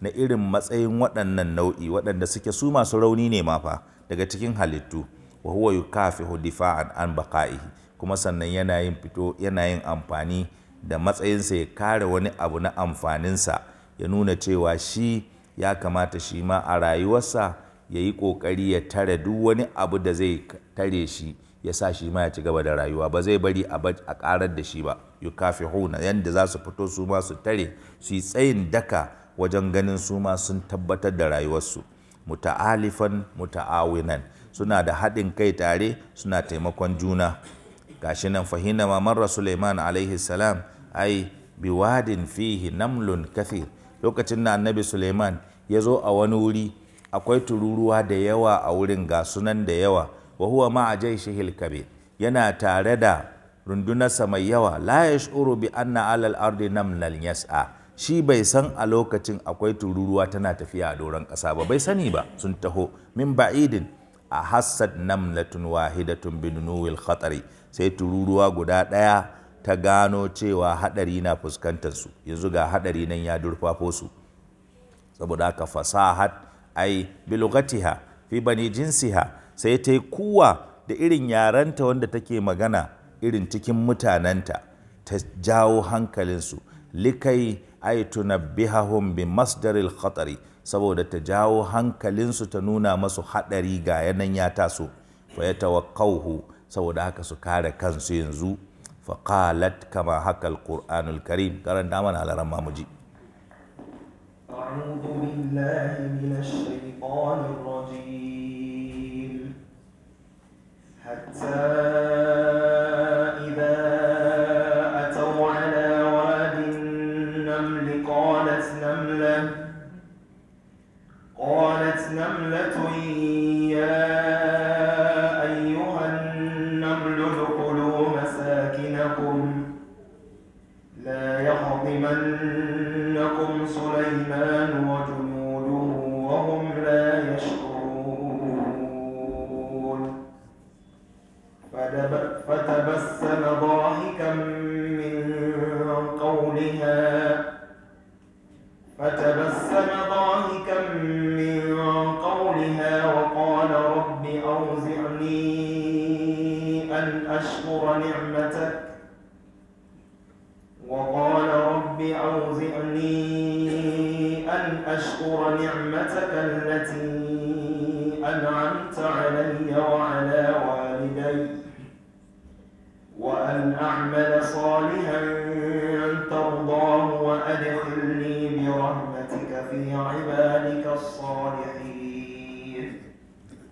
na irin matsayin waɗannan nau'i waɗanda suke su masu rauni ne ma fa daga cikin halittu wa huwa yukafihu difa'an an baqa'ihi kuma sannan yana yin fito yana yin amfani da matsayinsa ya kare wani abu na amfaninsa ya nuna cewa shi ya kamata shi ma a rayuwarsa ya yi ƙoƙari ya tare duk wani abu da zai tare shi ya sa shi ma ya ci gaba da rayuwa ba zai bari a karar da shi ba huna yadda za su fito su ma su tare su yi tsayin daka wajen ganin su ma sun tabbatar da rayuwarsu muta'alifan muta'awinan suna da haɗin kai tare suna taimakon juna gashi nan fahina mamarra Suleiman alaihi salam ai biwadin fihi namlun kafi lokacin na annabi Suleiman ya zo a wani wuri akwai tururuwa da yawa a wurin ga sunan da yawa wa huwa ma'a jaishihi al-kabir yana tare da rundunarsa mai yawa la yash'uru bi anna alal ardi na yas'a shi bai san a lokacin akwai tururuwa tana tafiya a doron ƙasa ba bai sani ba sun taho min ba'idin a hassad tun wahidatun Nuwil khatari sai tururuwa guda ɗaya ta gano cewa haɗari na fuskantar su yanzu ga haɗari nan ya durfafo su saboda haka fasahat ai bilugatiha fi bani jinsiha sai ta yi kuwa da irin yarenta wanda take magana irin cikin mutanenta ta jawo hankalinsu likai ay tunabbihahum bi masdaril khatari saboda ta jawo hankalinsu ta nuna masu haɗari ga yanan ya taso fa ya tawaqqahu saboda haka su kare kansu yanzu fa qalat kama haka alquranul karim karanta mana alaran mamuji أعوذ بالله من الشيطان الرجيم حتى إذا أتوا على واد النمل قالت نملة قالت نملة بها فتبسم ضاحكا من قولها وقال رب أوزعني أن أشكر نعمتك وقال رب أوزعني أن أشكر نعمتك التي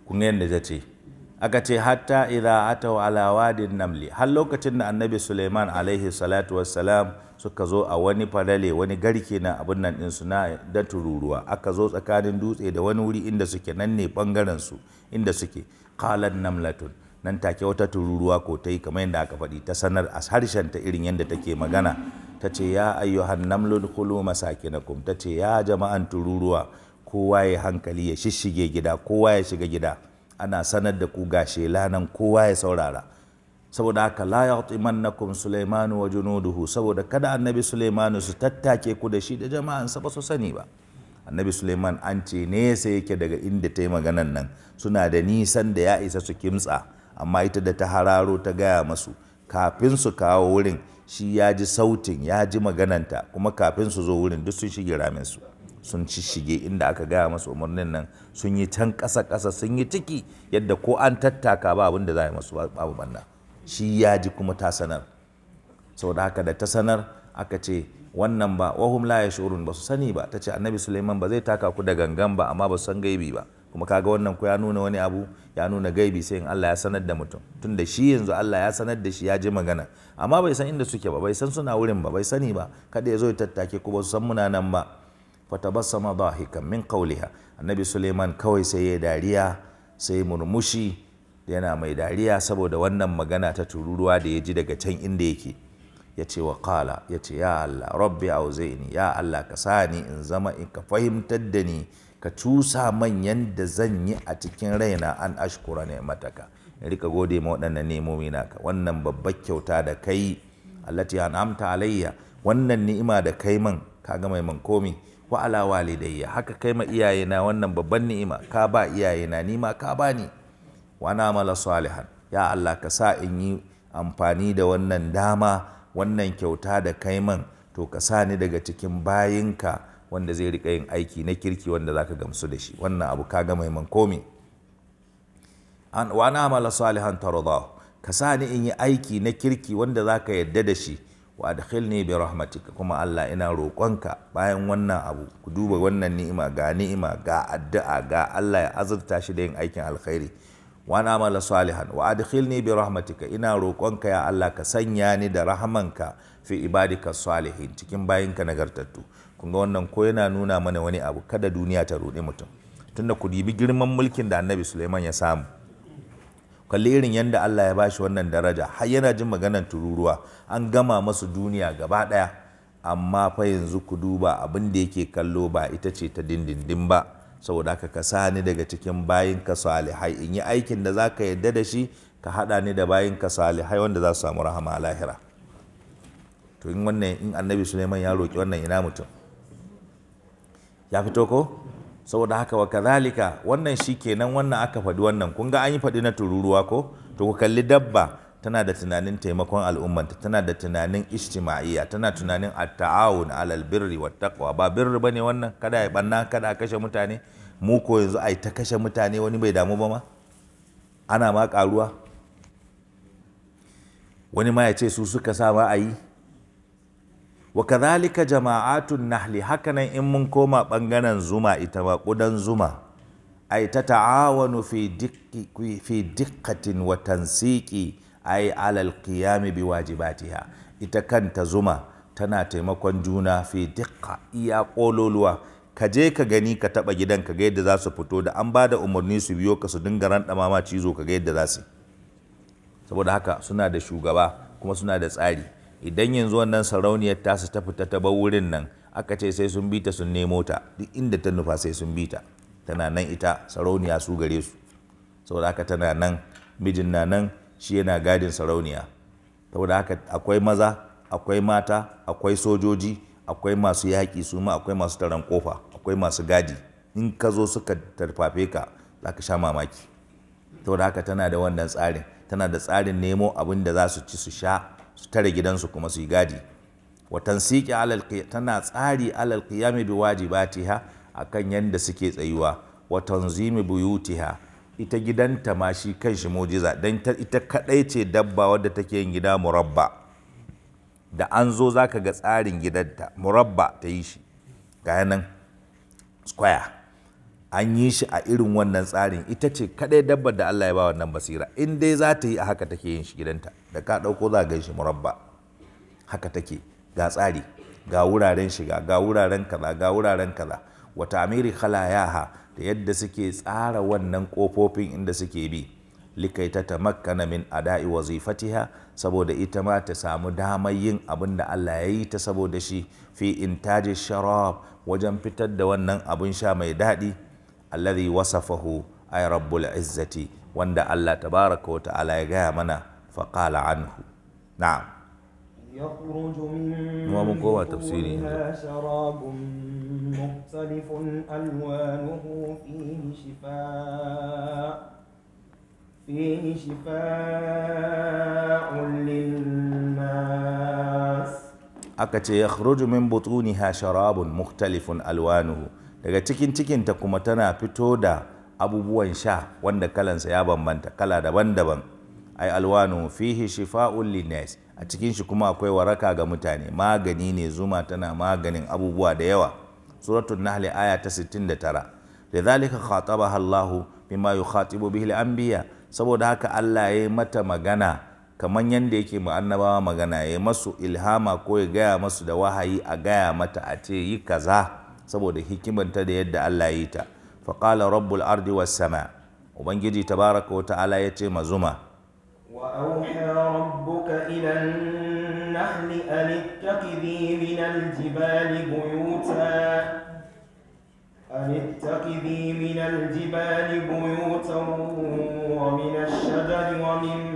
kun yadda ta ce aka ce hatta idza ataw ala wadin namli har lokacin da annabi Suleiman alaihi salatu wassalam suka zo a wani fadale wani garke na abin nan din suna da tururuwa aka zo tsakanin dutse da wani wuri inda suke nan ne bangaren su inda suke qalan namlatun nan take wata tururuwa ko ta yi kamar yadda aka faɗi ta sanar a harshen ta irin yadda take magana ta ce ya ayyuhan namlul khulu masakinakum ta ce ya jama'an tururuwa kowa ya hankali ya shishige gida kowa ya shiga gida ana sanar da ku ga shela nan kowa ya saurara saboda haka la yatimannakum sulaimanu wa junuduhu saboda kada annabi sulaimanu su tattake ku da shi da sa ba su sani ba annabi suleiman an ce ne sai yake daga inda ta yi maganan nan suna da nisan da ya isa su kimtsa amma ita da ta hararo ta gaya masu kafin su kawo wurin shi ya ji sautin ya ji magananta kuma kafin su zo wurin duk sun shige ramin su sun ci shige inda aka gaya masu umarnin nan sun yi can ƙasa ƙasa sun yi ciki yadda ko an tattaka ba abin da za a yi masu babu banna shi ya ji kuma ta sanar sau da haka da ta sanar aka ce wannan ba wahum la yashurun ba su sani ba ta ce annabi suleiman ba zai taka ku da gangan ba amma ba su san gaibi ba kuma kaga wannan ku ya nuna wani abu ya nuna gaibi sai in Allah ya sanar da mutum tunda shi yanzu Allah ya sanar da shi ya ji magana amma bai san inda suke ba bai san suna wurin ba bai sani ba kada ya zo ya tattake ku ba su san muna nan ba fatabassama ba min qawliha annabi Suleiman kawai sai ya dariya sai murmushi yana mai dariya saboda wannan magana ta tururuwa da ya ji daga can inda yake ya ce wa kala ya ce ya Allah rabbi auzaini ya Allah ka sa ni in zama in ka fahimtar da ni ka cusa manyan da zan yi a cikin raina an ashkura ne mataka in rika gode ma waɗannan nemomi naka wannan babbar kyauta da kai allati amta alayya wannan ni'ima da kai man kaga mai man komi wa ala walidayya haka kai ma iyayena wannan babban ni'ima ka ba iyayena ni ma ka ni wa na mala salihan ya Allah ka sa in yi amfani da wannan dama wannan kyauta da kai man to ka sa ni daga cikin bayinka wanda zai rika yin aiki na kirki wanda zaka gamsu da shi wannan abu ka gama man komi an wa na mala salihan tarda ka sa ni in yi aiki na kirki wanda zaka yadda da shi wa adkhilni bi rahmatika kuma Allah ina roƙonka bayan wannan abu ku duba wannan ni'ima ga ni'ima ga addu'a ga Allah ya azurta shi da yin aikin alkhairi wa amala salihan wa adkhilni bi rahmatika ina roƙonka ya Allah ka sanya ni da rahamanka fi ibadika salihin cikin bayinka nagartattu kun ga wannan ko yana nuna mana wani abu kada duniya ta ruɗe mutum tunda ku dibi girman mulkin da Annabi Suleiman ya samu kalli irin yadda Allah ya bashi wannan daraja har yana jin maganar tururuwa an gama masu duniya gaba ɗaya amma fa yanzu ku duba abin da yake kallo ba ita ce ta dindindin ba saboda haka ka sa ni daga cikin bayin ka salihai in yi aikin da zaka yadda da shi ka haɗa ni da bayin ka salihai wanda za su samu rahama a lahira to in wannan in annabi Suleiman ya roki wannan ina mutum ya fito ko saboda haka wa kazalika wannan shi kenan wannan aka faɗi wannan kun ga an yi faɗi na tururuwa ko to ku kalli dabba tana da tunanin taimakon al'ummanta tana da tunanin ijtima'iyya tana tunanin at-ta'awun alal birri wa taqwa ba birri bane wannan kada ya banna kada kashe mutane mu ko yanzu ai ta kashe mutane wani bai damu ba ma ana ma karuwa wani ma ya ce su suka sa ma a yi wa kadhalika jama'atun nahli hakanan in mun koma bangaren zuma ita ma kudan zuma ay ta fi dikki fi diqqatin wa tansiki ay alal qiyam bi wajibatiha ita kanta zuma tana taimakon juna fi diqqa iya kololuwa ka je ka gani ka taba gidan ka ga yadda za su fito da an bada umarni su biyo ka su dinga ran ma cizo ka ga yadda za su saboda haka suna da shugaba kuma suna da tsari idan yanzu wannan sarauniyar tasu ta fita ta bar wurin nan aka ce sai sun bi ta sun nemo ta duk inda ta nufa sai sun bi ta tana nan ita sarauniya su gare su saboda haka tana nan mijin na nan shi yana gadin sarauniya saboda haka akwai maza akwai mata akwai sojoji akwai masu yaƙi su ma akwai masu taron kofa akwai masu gadi in ka zo suka tarfafe ka za ka sha mamaki saboda haka tana da wannan tsarin tana da tsarin nemo abin da za su ci su sha su tare gidansu kuma su yi gadi wa tansiki alal tana tsari alal qiyami bi wajibatiha akan yadda suke tsayuwa wa tanzimi buyutiha ita gidanta ma shi kanshi mujiza dan ita kadai ce dabba wadda take yin gida murabba da an zo zaka ga tsarin gidanta murabba ta yi shi ga nan square an yi shi a irin wannan tsarin ita ce kadai dabbar da Allah ya ba wannan basira in dai za ta yi a haka take yin shi gidanta da ka ɗauko za ga shi murabba haka take ga tsari ga wuraren shiga ga wuraren kaza ga wuraren kaza wata amiri khalayaha da yadda suke tsara wannan kofofin inda suke bi likai ta tamakkana min ada'i wazifatiha saboda ita ma ta samu damar yin abin da Allah ya yi ta saboda shi fi intaji sharab wajen fitar da wannan abin sha mai daɗi الذي وصفه أي رب العزة واند الله تبارك وتعالى يغامنا فقال عنه نعم يخرج من مقوى تفسيري شراب مختلف ألوانه فيه شفاء فيه شفاء للناس أكتي يخرج من بطونها شراب مختلف ألوانه daga cikin cikinta kuma tana fito da abubuwan sha wanda kalansa ya bambanta kala daban-daban ai alwanu fihi shifa'un linnas a cikin shi kuma akwai waraka ga mutane magani ne zuma tana maganin abubuwa da yawa suratul nahl aya ta 69 lidhalika khatabaha Allah bima yukhatibu bihi al-anbiya saboda haka Allah yayi mata magana kaman yanda yake mu annabawa magana yayi masu ilhama ko ya gaya masu da wahayi a gaya mata a ce yi kaza saboda hikimanta da yadda Allah ya yi ta fa qala rabbul ardi was sama ubangiji tabaraka wa ta'ala ya ce mazuma wa auha rabbuka ila an-nahl an ittaqidi min al-jibali buyuta أن اتخذي من الجبال بيوتا ومن الشجر ومما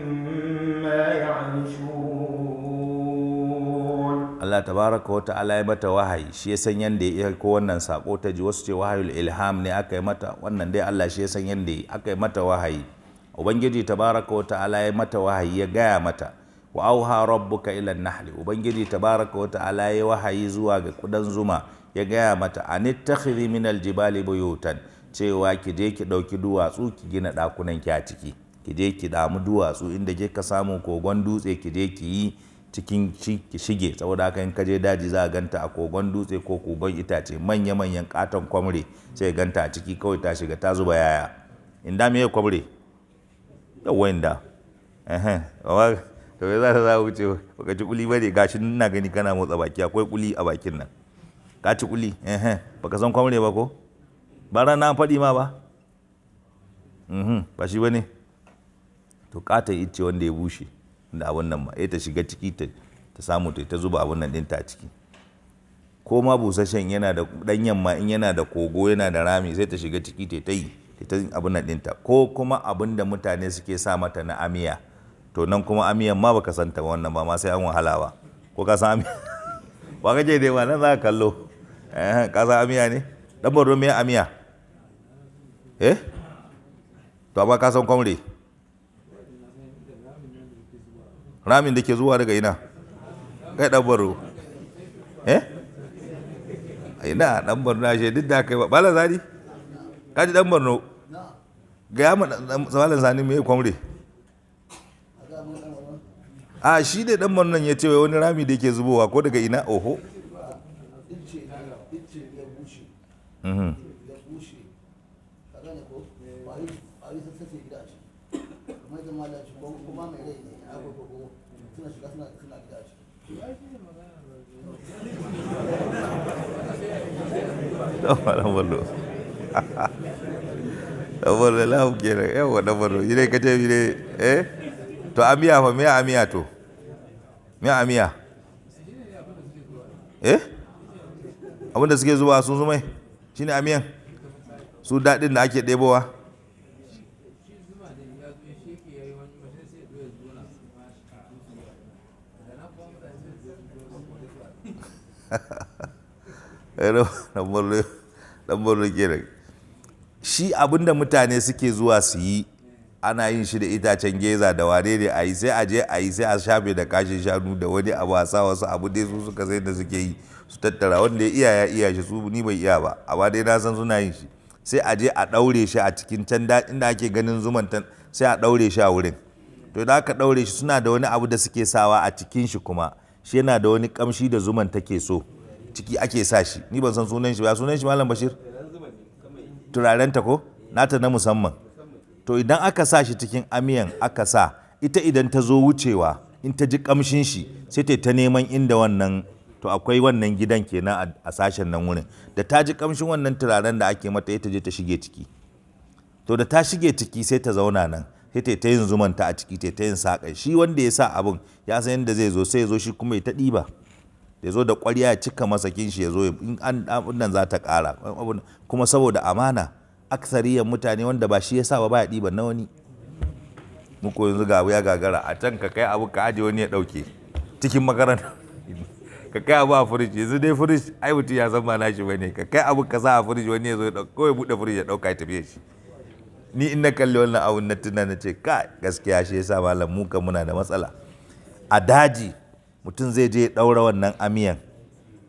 Allah tabaraka wa ta'ala ya mata wahayi shi ya san yanda ya ko wannan sako ta ji wasu ce wahayul ilham ne aka yi mata wannan dai Allah shi ya san yanda aka yi mata wahayi ubangiji tabaraka wa ta'ala ya mata wahayi ya gaya mata wa auha rabbuka ila nahli ubangiji tabaraka wa ta'ala ya wahayi zuwa ga kudan zuma ya gaya mata anittakhidhi min aljibali buyutan cewa ki je ki dauki duwatsu ki gina dakunan ki a ciki ki je ki damu duwatsu inda ke ka samu kogon dutse ki je ki yi cikin shige saboda haka in kaje daji za a ganta a kogon dutse ko kogon itace manya-manyan katon kwamre sai ganta a ciki kawai ta shiga ta zuba yaya inda me kwamre yawa inda ehem to ya za ta za wuce baka ci kuli bane gashi na gani kana motsa baki akwai kuli a bakin nan ka ci kuli ehem baka san kwamre ba ko ba rana faɗi ma ba mhm. ba shi bane to katon ice wanda ya bushe da abin nan ma eh, ta shiga ciki ta samu ta zuba abin nan ɗinta a ciki ko ma busashen yana da ɗanyen ma in yana da kogo yana da rami sai ta shiga ciki ta ta yi ta abin nan ɗinta ko kuma abin da mutane suke sa mata na amiya to nan kuma amiyan ma baka san ta wannan ba ma sai an wahala ba ko ka san amiya ba ka je dai ba nan za ka kallo eh, ka san amiya ne dan baro me amiya eh to ba ka san kwamre ramin da ke zuwa daga ina kai ɗanbaro eh ina ɗabbar na shi duk da kai ba bala zari ka ji ɗabbar no ga ya malan sani mai kwamre a shi da ɗabbar nan ya ce wani rami da ke zubowa ko daga ina oho Mm-hmm. shiga suna a eh? to amiya fa me amiya to me amiya eh abinda suke zuwa sun zumai shine amiyan su daɗin da ake ɗebowa dan eh, borno kenan shi abinda mutane suke zuwa su yi ana yin shi da itacen geza da wane ne a yi sai a je a yi sai a shafe da kashin shanu da wani abu a sa wasu abu dai su suka sai da suke yi su tattara wanda ya iya ya iya shi su ni bai iya ba amma dai na san suna yin shi sai a je a daure shi a cikin can inda ake ganin zuman tan sai a daure shi a wurin to da aka daure shi suna da wani abu da suke sawa a cikin shi kuma shi yana da wani kamshi da zuman take so ciki ake sa shi ni ban san sunan shi ba sunan shi malam bashir turaren ta ko nata na musamman to idan aka sa shi cikin amiyan aka sa ita idan ta zo wucewa in ta ji kamshin shi sai ta ta neman inda wannan to akwai wannan gidan kenan a sashen nan wurin da ta ji kamshin wannan turaren da ake mata ita je ta shige ciki to da ta shige ciki sai ta zauna nan sai ta yin zumanta a ciki ta yin saƙa shi wanda ya sa abin ya san yadda zai zo sai ya zo shi kuma ya ta ɗiba ya zo da ƙwarya ya cika masa shi ya zo in an nan za ta ƙara kuma saboda amana aksariyan mutane wanda ba shi ya sa ba ba ya ba na wani muku yanzu ga ya gagara a can ka kai abu ka aje wani ya ɗauke cikin makaranta ka kai abu a firij yanzu dai firij ai mutum ya san ba shi bane ka kai abu ka sa a firij wani ya zo ya ɗauka kawai buɗe firij ya ɗauka ya tafiye shi ni in na kalli wannan abun na tuna na ce ka gaskiya shi ya sa malam mu muna da matsala a daji mutum zai je ɗaura wannan amiyan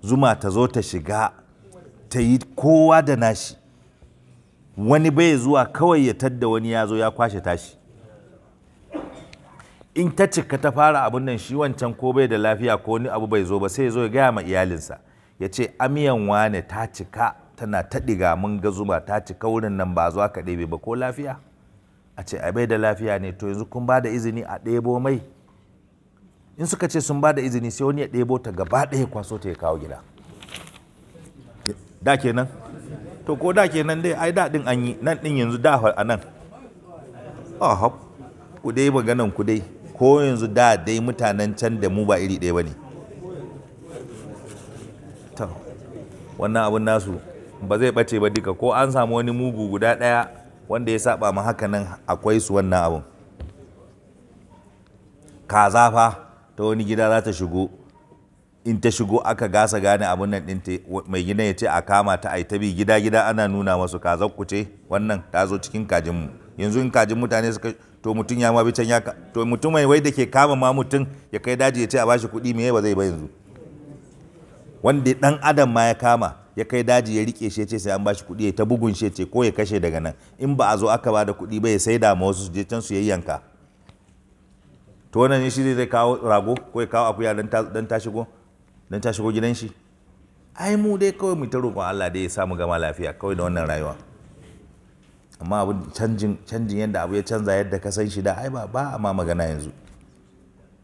zuma ta zo ta shiga ta yi kowa da nashi wani bai zuwa kawai ya tadda wani ya zo ya kwashe tashi in ta cika ta fara abin nan shi wancan ko bai da lafiya ko wani abu bai zo ba sai ya zo ya gaya ma iyalinsa ya ce amiyan wane ta cika tana ta ɗiga mun ga zuma ta cika wurin nan ba zuwa ka ɗebe ba ko lafiya a ce a bai da lafiya ne to yanzu kun ba da izini a ɗebo mai in suka ce sun ba da izini sai wani ya ɗebo ta gaba ɗaya kwaso ta ya kawo gida da kenan to ko da kenan dai ai da din an yi nan din yanzu da a nan aha ku dai maganan ku dai ko yanzu da dai mutanen can da mu ba iri ɗaya ne to wannan abun nasu ba zai ɓace ba duka ko an samu wani mugu guda ɗaya wanda ya saba ma haka nan akwai su wannan abun kaza fa ta wani gida za ta shigo in ta shigo aka gasa gane abin nan ɗin mai gina ya ce a kama ta ai ta bi gida gida ana nuna masu kazan ku ce wannan ta zo cikin kajin mu yanzu in kajin mutane suka to mutum ya ma bi can ya ka to mutum mai wai da ke kama ma mutum ya kai daji ya ce a bashi kuɗi me ba zai ba yanzu wanda dan adam ma ya kama ya kai daji ya rike shi ya ce sai an bashi kuɗi ya ta bugun shi ya ce ko ya kashe daga nan in ba a zo aka ba da kuɗi ba ya saida ma wasu su je can su yayyanka to wannan ne shi zai kawo rago ko ya kawo akuya don ta shigo don ta shigo gidan shi ai mu dai kawai mu ta roƙon Allah dai ya samu gama lafiya kawai da wannan rayuwa amma abu canjin canjin yadda abu ya canza yadda ka san shi da ai ba ba ma magana yanzu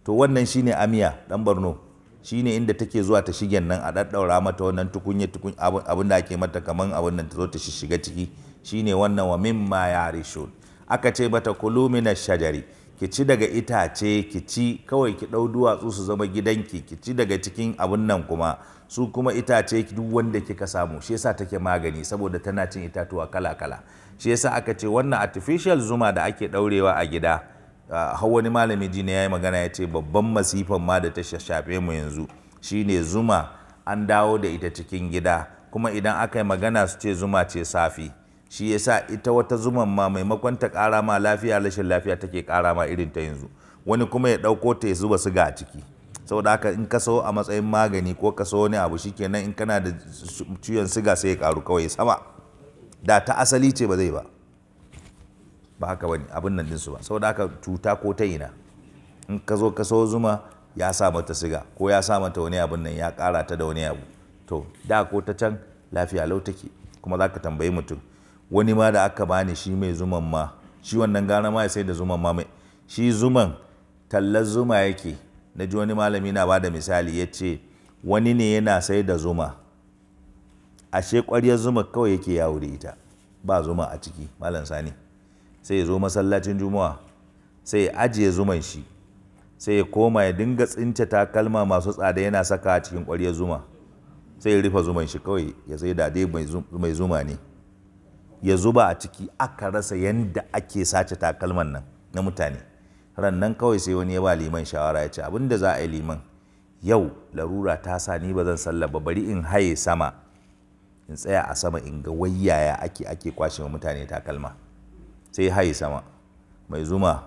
to wannan shine amiya dan Borno shine inda take zuwa ta shigen nan a daddaura mata wannan tukunya tukun abin da ake mata kaman abin nan ta zo ta shiga ciki shine wannan wa mimma ya aka ce mata kulumina shajari ki ci daga itace ki ci kawai ki ɗau duwatsu su zama gidanki ki ci daga cikin abin nan kuma su kuma itace duk wanda kika samu shi yasa take magani saboda tana cin itatuwa kala kala shi yasa aka ce wannan artificial zuma da ake ɗaurewa a gida har wani malami ji ne ya yi magana ya ce babban masifan ma da ta shafe mu yanzu shine zuma an dawo da ita cikin gida kuma idan aka yi magana su ce zuma ce safi shi yasa ita wata zuman ma maimakon ta ƙara ma lafiya rashin lafiya take ƙara ma irin ta yanzu wani kuma ya ɗauko ta ya zuba siga a ciki saboda haka in ka a matsayin magani ko ka wani abu shikenan in kana da ciwon siga sai ya ƙaru kawai sama da ta asali ce ba zai ba ba haka bane abin nan dinsu ba saboda haka cuta ko ta ina in ka zo ka zuma ya sa mata siga ko ya sa mata wani abin nan ya ƙara ta da wani abu to da ko ta can lafiya lau take kuma za ka tambayi mutum wani ma da aka bani shi mai zuman ma shi wannan gana ma ya sai da zuman ma mai shi zuman tallar zuma yake na ji wani malami na da misali ya ce wani ne yana sai da zuma ashe ƙwaryar zuma kawai yake yawo da ita ba zuma a ciki malam sani sai ya zo masallacin juma'a sai ya ajiye zuman shi sai ya koma ya dinga tsince takalma masu tsada yana saka a cikin ƙwaryar zuma sai ya rufe zuman shi kawai ya sai da dai mai zuma ne ya zuba a ciki aka rasa yadda ake sace takalman nan na mutane rannan kawai sai wani ya ba liman shawara ya ce abin da za a yi liman yau larura ta sa ni ba zan sallah ba bari in haye sama in tsaya a sama in ga wayaya ake ake kwashe wa mutane takalma sai haye sama mai zuma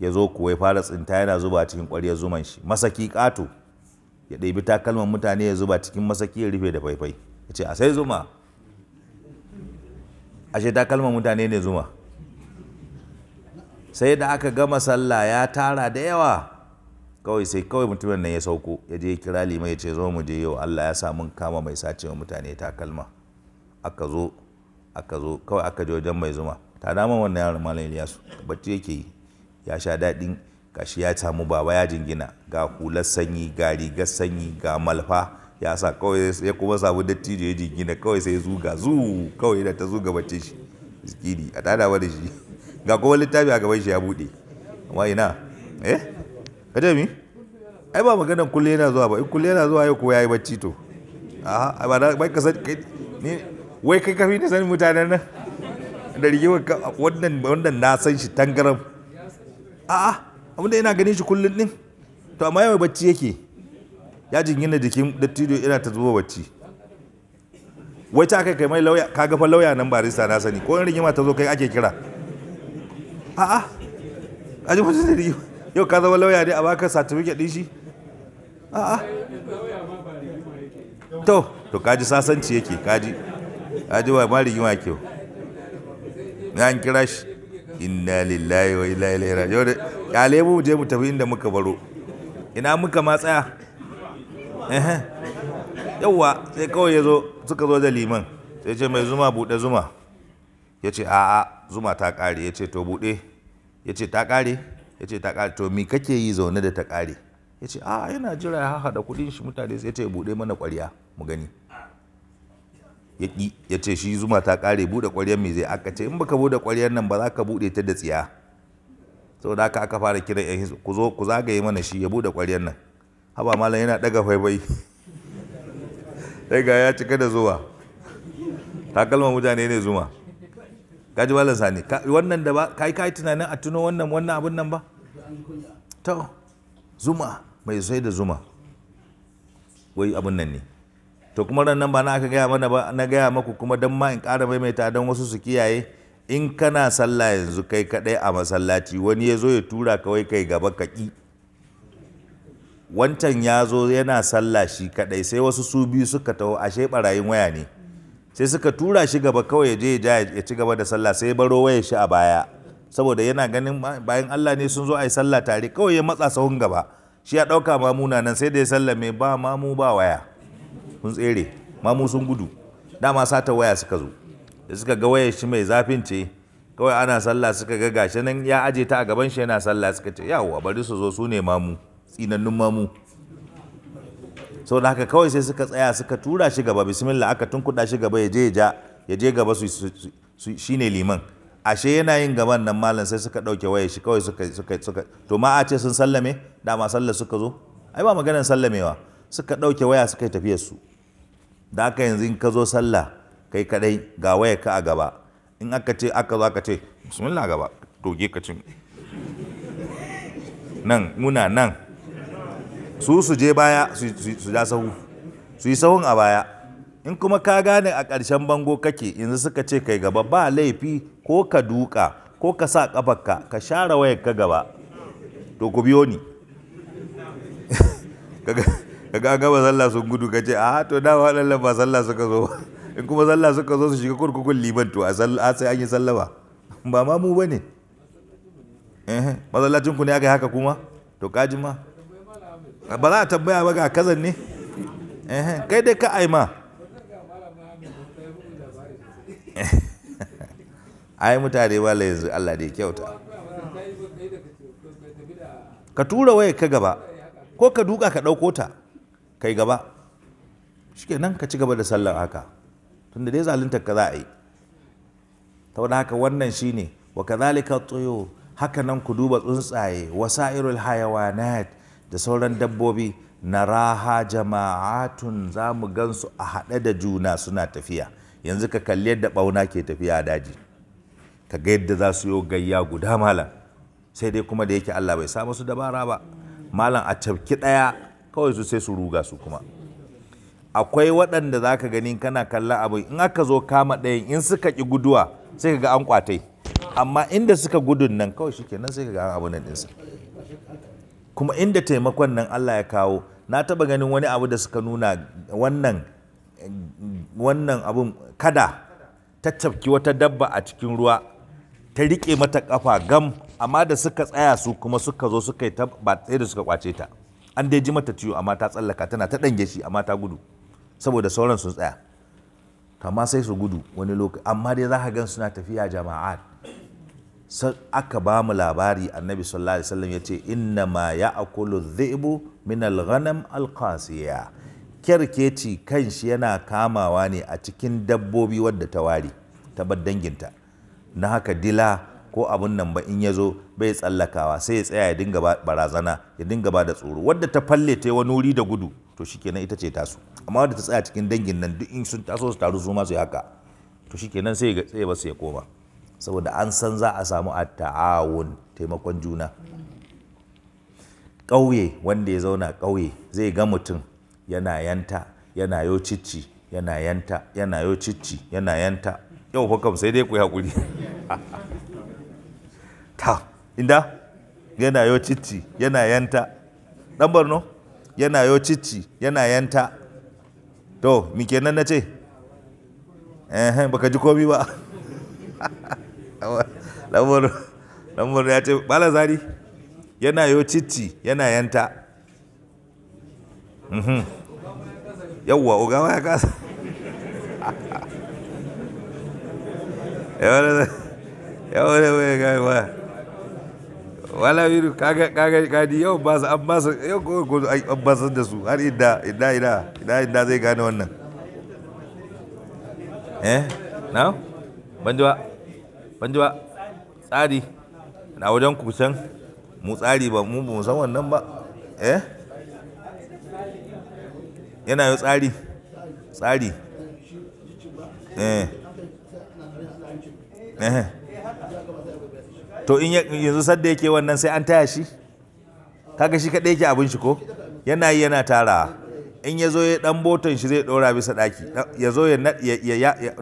ya zo kuwa ya fara tsinta yana zuba cikin ƙwaryar zuman shi masaki ƙato ya ɗebi takalman mutane ya zuba cikin masaki ya rufe da faifai ya ce a sai zuma ashe takalma mutane ne zuma sai da aka gama sallah ya tara da yawa kawai sai kawai mutumin nan ya sauko ya je kira limai ya ce zo mu je yau Allah ya sa mun kama mai sace wa mutane takalma aka zo aka zo kawai aka je wajen mai zuma ta dama wannan yaron malam Ilyasu bacci yake yi ya sha dadin kashi ya samu baba ya jingina ga hular sanyi ga rigar sanyi ga malfa ya sa kawai ya kuma samu dattijo ya jingina kawai sai zuga zu kawai da ta zuga bacci shi zikiri a tada da shi ga kuma littafi a gaban shi ya buɗe amma ina eh kaje mi ai ba maganan kulle yana zuwa ba in kulle yana zuwa yau ko yayi bacci to a ba da bai ka san ni wai kai kafi ne sanin mutanen nan da rigewar wannan wannan na san shi tangaram a'a abinda ina ganin shi kullun din to amma yau bacci yake ya jingina jikin dattijo ina ta zuwa bacci wai ta kai kai mai lauya ka gafa lauya nan barista na sani ko in rigima ta zo kai ake kira a'a aji mutum da rigima yau ka zama lauya ne a baka certificate din shi a'a to to kaji sasanci yake kaji kaji wa ma rigima yake na an kira shi inna lillahi wa inna ilaihi raji'un ya mu je mu tafi inda muka baro ina muka ma tsaya yawwa sai kawai ya zo suka zo da liman sai ce mai zuma buɗe zuma ya ce a'a zuma ta ƙare ya ce to buɗe ya ce ta ƙare ya ce ta ƙare to mi kake yi zaune da ta ƙare ya ce a'a yana jira ya haɗa kuɗin shi mutane sai ya ce buɗe mana ƙwarya mu gani ya ƙi ya ce shi zuma ta ƙare buɗe ƙwaryar me zai aka ce in baka buɗe ƙwaryar nan ba za ka buɗe ta da tsiya saboda haka aka fara kiran ya ku zo ku zagaye mana shi ya buɗe ƙwaryar nan haba malam yana daga faibai daga ya cika da zuwa takalma mutane ne zuma gaji malam sani wannan da ba kai kai tunanin a tuno wannan wannan abun nan ba to zuma mai sai da zuma wai abun nan ne to kuma ran nan ba na aka gaya mana ba na gaya maku kuma dan ma in ƙara maimaita don wasu su kiyaye in kana sallah yanzu kai kadai a masallaci wani ya zo ya tura kawai kai gaba ka wancan ya zo yana sallah shi kadai sai wasu su biyu suka taho ashe barayin waya ne sai suka tura shi gaba kawai ya je ya ya ci gaba da sallah sai baro waya shi a baya saboda yana ganin bayan Allah ne sun zo a yi sallah tare kawai ya matsa sahun gaba shi ya ɗauka na nan sai da ya mai ba mamu ba waya sun tsere mamu sun gudu dama sata waya suka zo da suka ga waya shi mai zafin ce kawai ana sallah suka ga gashi nan ya aje ta a gaban shi yana sallah suka ce yawo bari su zo su ne mamu tsinannun mamu da haka kawai sai suka tsaya suka tura shi gaba bismillah aka tunkuɗa shi gaba ya je ja ya je gaba su shine liman ashe yana yin gaban nan malam sai suka dauke waye shi kawai suka suka suka to ma a ce sun sallame dama sallar suka zo ai ba maganar sallamewa suka dauke waya suka yi tafiyar su da haka yanzu in ka zo sallah kai kadai ga waya ka a gaba in aka ce aka zo aka ce bismillah gaba doge ka cin nan muna nan su su je baya su ja sahu su yi sahun a baya in kuma ka gane a ƙarshen bango kake yanzu suka ce kai gaba ba laifi ko ka duka ko ka sa ƙafarka ka share wayar ka gaba to ku biyo ni ga gaba sallah sun gudu ka ce a to wa waɗannan ba sallah suka zo in kuma sallah suka zo su shiga kurkukun liman to a sai an yi sallaba ba ma mu ba ne eh, mazallacinku ne aka yi haka kuma to kaji ma ba za a tambaya ba ga kazan ne kai dai ka aima ai mutane ba la yanzu Allah da ya kyauta ka tura waya ka gaba ko ka duka ka ɗauko ta kai gaba shike nan ka ci gaba da sallar haka tunda dai zalinta ka za a yi ta wadda haka wannan shi ne wa zalika tsoyo haka nan ku duba tsuntsaye wasa wasairul hayawanat da sauran dabbobi na raha jama'atun za mu gansu a haɗe da juna suna tafiya yanzu ka kalli yadda ɓauna ke tafiya a daji ka ga yadda za su yi gayya guda malam sai dai kuma da yake Allah bai samu su dabara ba malam a tafki ɗaya kawai su sai su ruga su kuma akwai waɗanda za ka gani kana kalla abu in aka zo kama ɗayan in suka ki guduwa sai ka ga an kwatai amma inda suka gudun nan kawai nan sai ka ga an abu nan ɗinsa kuma inda taimakon nan Allah ya kawo na taba ganin wani abu da suka nuna wannan wannan abun kada ta tafki wata dabba a cikin ruwa ta riƙe mata kafa gam amma da suka tsaya su kuma suka zo suka yi ta ba tsaye da suka kwace ta an dai ji mata ciwo amma ta tsallaka tana ta ɗan shi amma ta gudu saboda sauran sun tsaya kama sai su gudu wani lokaci amma dai za ka gan suna tafiya jama'at aka ba mu labari annabi sallallahu alaihi wasallam ya ce inna ma ya akulu dhi'bu min alghanam alqasiya kerkeci kanshi yana kamawa ne a cikin dabbobi wadda ta ware ta bar danginta na haka dila ko abun nan ba in ya zo bai tsallakawa sai ya tsaya ya dinga barazana ya dinga ba da tsoro wadda ta falle ta wani wuri da gudu to shikenan ita ce tasu amma wadda ta tsaya cikin dangin nan duk in sun taso su taru su masu su haka to shikenan sai ya ba su ya koma saboda an san za a samu a ta'awun taimakon juna ƙauye wanda ya zauna ƙauye zai ga mutum yana yanta yana yo cici yana yanta yana yo cici yana yanta yau fa kam sai dai ku haƙuri ta inda yana yo cici yana yanta ɗan barno yana yo cici yana yanta to mi kenan na ce eh baka ji komi ba lamur ya ce bala zari yana yo cicci yana yanta mhm. yawwa ogawa ya kasa yawon da waya gaiwa wala biyu kaga kadi yau ba su an yau ko ko an ba da su har idda idda idda idda idda zai gane wannan eh na banjuwa banji ba tsari na wajen ku can mu tsari ba mu ba san wannan ba eh yana yi tsari tsari eh eh to in yanzu sadda yake wannan sai an taya shi kaga shi kaɗai yake abin shi ko yana yi yana tarawa. in ya zo ya dan botan shi zai dora bisa daki ya zo ya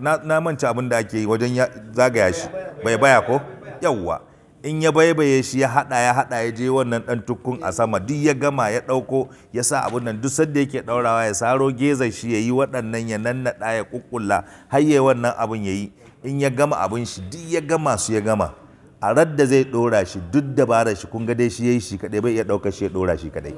na manci abin da ake wajen zagaya shi bai baya ko yawwa in ya baibaye shi ya hada ya hada ya je wannan dan tukun a sama duk ya gama ya dauko ya sa abun nan duk sanda yake daurawa ya saro geza shi ya yi waɗannan ya nannada ya kukkulla har ya wannan abun ya yi in ya gama abun shi duk ya gama su ya gama a radda zai dora shi duk dabarar shi kun ga dai shi yayi shi kadai bai iya daukar shi ya dora shi kadai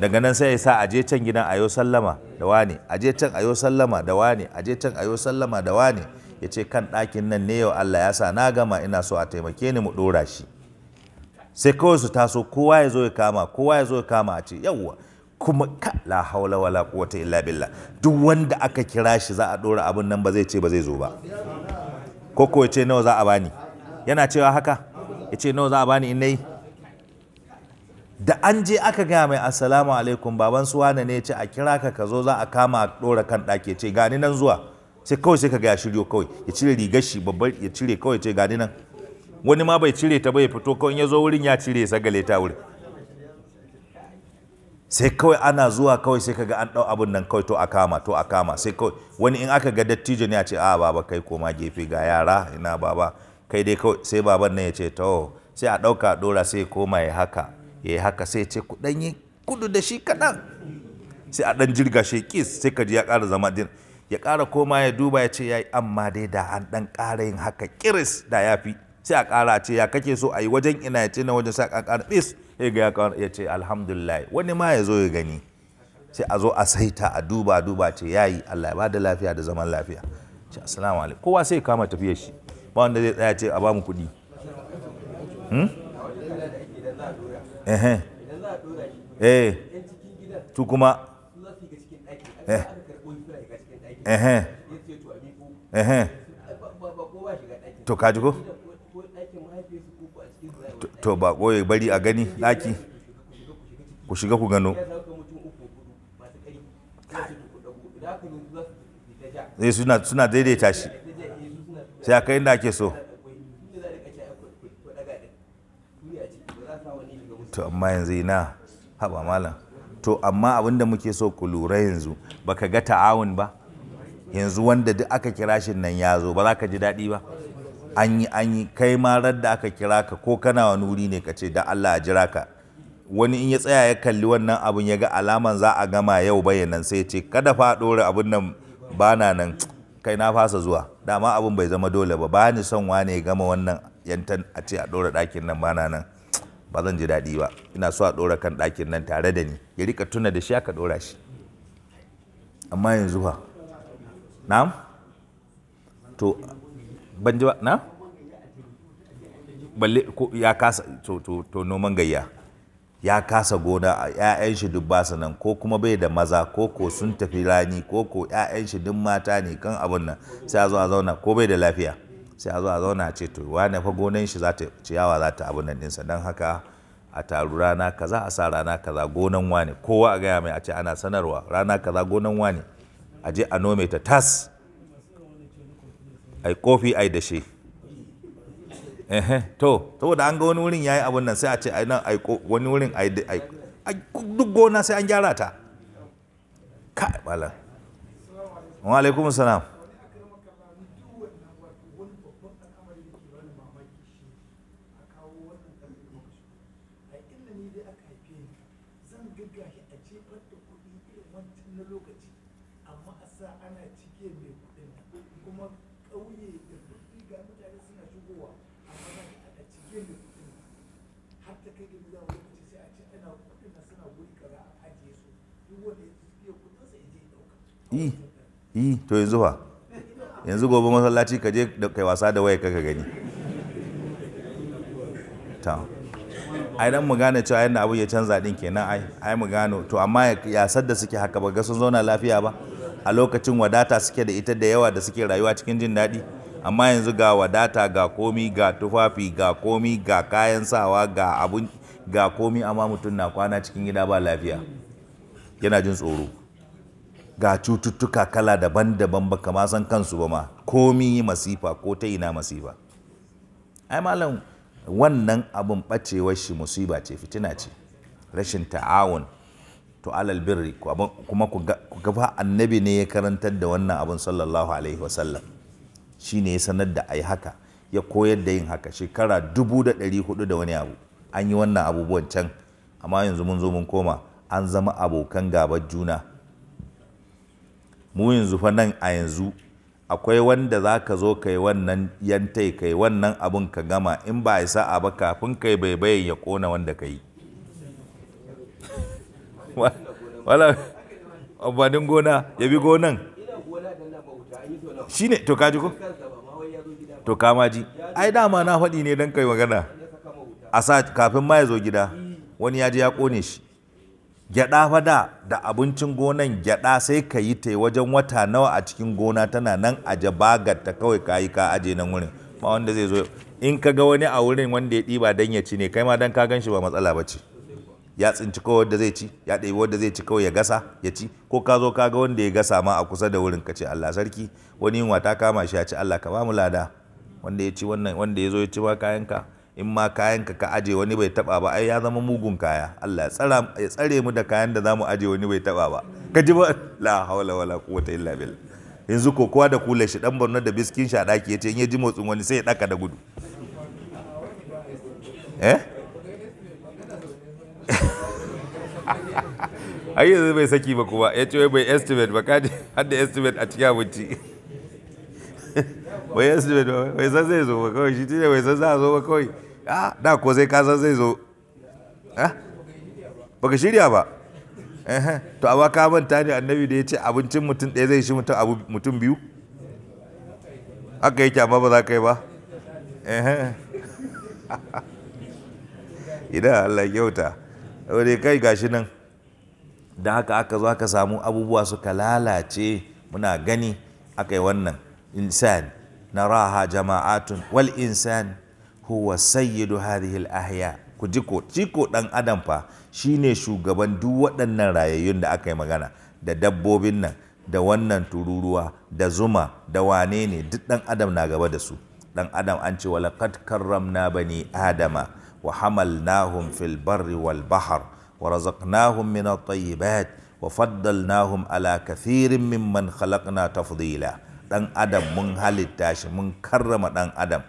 daga nan sai ya sa aje can gidan ayo sallama da wani aje can ayo sallama da wani aje can ayo sallama da wani ya ce kan ɗakin nan ne yau Allah ya sa na gama ina so a taimake ni mu ɗora shi sai kawai su taso kowa ya zo ya kama kowa ya zo ya kama a ce yawwa kuma ka la haula wala quwwata illa billah duk wanda aka kira shi za a ɗora abin nan ba zai ce ba zai zo ba ko ko ya ce nawa za a bani yana cewa haka ya ce nawa za a bani in nayi da an je aka gaya mai assalamu alaikum baban su wane ne ce a kira ka ka zo za a kama a ɗora kan ɗaki ce gani nan zuwa sai kawai sai ka ga shiryo kawai ya cire rigar shi babbar ya cire kawai ce gani nan wani ma bai cire ta ba ya fito kawai ya zo wurin ya cire ya sagale ta wurin sai kawai ana zuwa kawai sai kaga an ɗau abin nan kawai to a kama to a kama sai kawai wani in aka ga dattijo ne a ce a baba kai koma gefe ga yara ina baba kai dai kawai sai baban nan ya ce to sai a ɗauka ɗora sai koma ya haka ya yi haka sai ce ku yi kudu da shi kaɗan sai a ɗan jirga shi kis sai ka ji ya ƙara zama din ya ƙara koma ya duba ya ce ya yi amma dai da an ɗan ƙara yin haka kiris da ya fi sai a ƙara ce ya kake so a yi wajen ina ya ce na wajen sai ƙara ɗis. ya ga ya ce alhamdulillah wani ma ya zo ya gani sai a zo a saita a duba duba ce ya yi Allah ya da lafiya da zaman lafiya ce assalamu alaikum kowa sai kama tafiya shi ba wanda zai tsaya ce a ba kuɗi hmm? Ehe ehe tu kuma eh eh eh to kaji ko to ba ya bari a gani daki ku shiga ku gano eh, suna daidaita shi sai aka da ake so to amma yanzu ina haɓa malam to amma abin da muke so ku lura yanzu ba ka ga ta'awun ba yanzu wanda duk aka kira shi nan ya zo ba za ka ji daɗi ba an yi an yi kai ma da aka kira ka ko kana wani wuri ne ka ce da Allah a jira ka wani in ya tsaya ya kalli wannan abun ya ga alaman za a gama yau bayanan sai ce kada fa ɗora abun nan ba na nan kai na fasa zuwa dama abun bai zama dole ba ba ni son wane ya gama wannan yantan a ce a ɗora ɗakin nan ba na nan ba zan ji daɗi ba ina so a ɗora kan ɗakin nan tare da ni ya rika tuna da shi aka ɗora shi amma yanzu ba na'am to ban ji ba na balle ko ya kasa to to to noman gayya ya kasa gona a ƴaƴan shi duk basu nan ko kuma bai da maza ko ko sun tafi rani ko ko ƴaƴan shi duk mata ne kan abun nan sai a zo a zauna ko bai da lafiya sai a zo a zauna a ce to wane fa gonan shi za ta ciyawa za ta abu nan ɗinsa don haka a taru rana kaza a sa rana kaza gonan wane kowa a gaya mai a ce ana sanarwa rana kaza gonan wane a je a nome ta tas ai kofi ai da shi ehe to saboda an ga wani wurin yayi abun nan sai a ce ai nan ai wani wurin ai ai duk gona sai an gyara ta kai malam wa alaikum salam to yanzu fa yanzu gobe masallaci ka je kai wasa da waya kaka gani ta ai dan mu gane cewa yadda abu ya canza din kenan ai ai mu gano to amma ya sadda suke haka ba ga sun zauna lafiya ba a lokacin wadata suke da ita da yawa da suke rayuwa cikin jin daɗi amma yanzu ga wadata ga komi ga tufafi ga komi ga kayan sawa ga abun ga komi amma mutum na kwana cikin gida ba lafiya yana jin tsoro ga cututtuka kala daban-daban ba kama san kansu ba ma komi masifa ko ta ina masifa ai malam wannan abin bacewar shi musiba ce fitina ce rashin ta'awun to alal birri kuma ku gafa annabi ne ya karantar da wannan abin sallallahu alaihi wasallam shi ne ya sanar da ai haka ya koyar da yin haka shekara dubu da ɗari hudu da wani abu an yi wannan abubuwan can amma yanzu mun zo mun koma an zama abokan gabar juna mu yanzu fa nan a yanzu akwai wanda za ka zo kai wannan yantai kai wannan abun ka gama in ba a sa'a ba kafin kai bayan ya kona wanda ka yi wala abadin gona ya bi gonan ne to kaji ko to kama ji ai dama na faɗi ne don kai magana a sa kafin ma ya zo gida wani ya ji ya kone shi gyada fada da abincin gonan gyada sai ka yi ta wajen wata nawa a cikin gona tana nan a jabagar ta kawai ka yi ka aje nan wurin ba wanda zai zo in ka ga wani a wurin wanda ya ɗiba dan ya ci ne kai ma dan ka gan shi ba matsala ba ce ya tsinci kawai wanda zai ci ya ɗebi wanda zai ci kawai ya gasa ya ci ko ka zo ka ga wanda ya gasa ma a kusa da wurin ka ce Allah sarki wani yunwa ta kama shi ya ci Allah ka ba mu lada wanda ya ci wannan wanda ya zo ya ci ba kayan ka. in ma kayan ka ka aje wani bai taba ba ai ya zama mugun kaya Allah ya tsara ya tsare mu da kayan da zamu aje wani bai taba ba ka ji ba la hawla wala quwwata illa billah yanzu ko kowa da kula shi dan Borno da biskin shi a daki yace in ya ji motsin wani sai ya daka da gudu eh ai yanzu bai saki ba kuma ya ce bai estimate ba kaji har da estimate a cikin abinci wai estimate ba bai san zai zo ba kawai shi tunda bai san za a zo ba kawai a ah, da ko sai kasan zai zo eh? baka shirya ba to a ka manta ne annabi da ya ce abincin mutum ɗaya zai shi mutum biyu aka yi kyama ba za ka yi ba idan Allah kyauta wadai kai gashi nan da haka aka zo aka samu abubuwa suka lalace muna gani aka yi wannan insan na raha jama'atun wal insan huwa sayyidu hadhihi al-ahya ku ji ko dan adam fa shine shugaban duk waɗannan rayayyun da aka yi magana da dabbobin nan da wannan tururuwa da zuma da wane ne duk dan adam na gaba da su dan adam an ce wala kad karramna bani adama wa hamalnahum fil barri wal bahr wa razaqnahum min at-tayyibat wa faddalnahum ala kathirin mimman khalaqna tafdila dan adam mun halitta shi mun karrama dan adam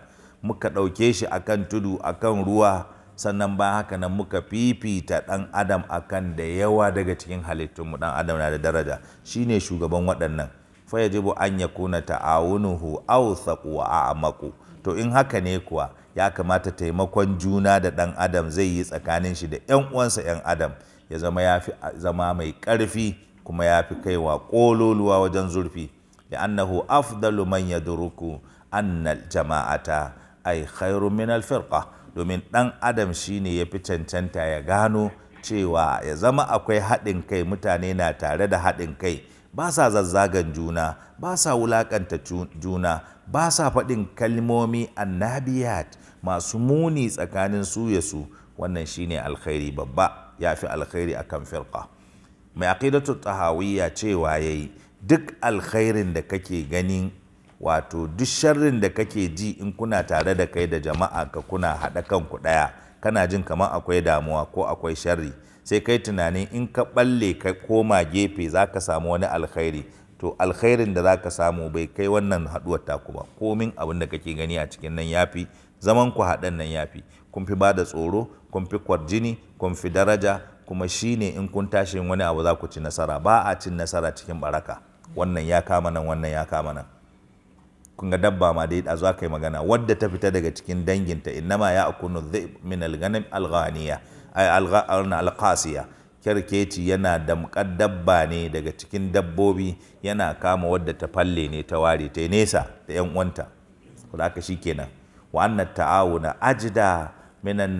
muka ɗauke shi a kan tudu akan ruwa sannan ba haka nan muka fifita ɗan adam a kan da yawa daga cikin halittunmu ɗan adam na da daraja shine shugaban waɗannan fa yajibu an kuna ta'awunuhu saƙuwa a amaku to in haka ne kuwa ya kamata taimakon juna da ɗan adam zai yi tsakanin shi da 'yan uwansa 'yan adam ya zama ya fi zama mai ƙarfi kuma ya fi kaiwa ƙololuwa wajen zurfi li'annahu afdalu man yadruku annal jama'ata ai khairu min alfirqa domin dan adam shine ya fi cancanta ya gano cewa ya zama akwai haɗin kai mutane na tare da haɗin kai ba sa zazzagan juna ba sa wulakanta juna ba sa faɗin kalmomi annabiyat masu muni tsakanin su ya su wannan shine alkhairi babba ya fi alkhairi akan firqa mai aqidatu tahawiyya cewa yayi duk alkhairin da kake ganin wato duk sharrin da kake ji in kuna tare da kai da jama'a ka kuna haɗa kanku ɗaya kana jin kamar akwai damuwa ko akwai sharri sai kai tunanin in ka ɓalle ka koma gefe za ka samu wani alkhairi to alkhairin da za ka samu bai kai wannan haɗuwar taku ba komin abin da kake gani a cikin nan yafi zaman ku haɗan nan yafi kun fi bada tsoro kun fi kwarjini kun fi daraja kuma shine in kun tashi wani abu za ku ci nasara ba a cin nasara cikin baraka wannan ya kama nan wannan ya kama nan kun ga dabba ma dai a zuwa kai magana wadda ta fita daga cikin danginta innama ya akunu dhib min al-ghanam kerkeci yana damƙar dabba ne daga cikin dabbobi yana kama wadda ta falle ne ta ware ta nesa da yan uwanta da haka shikenan wa anna ta'awuna ajda min an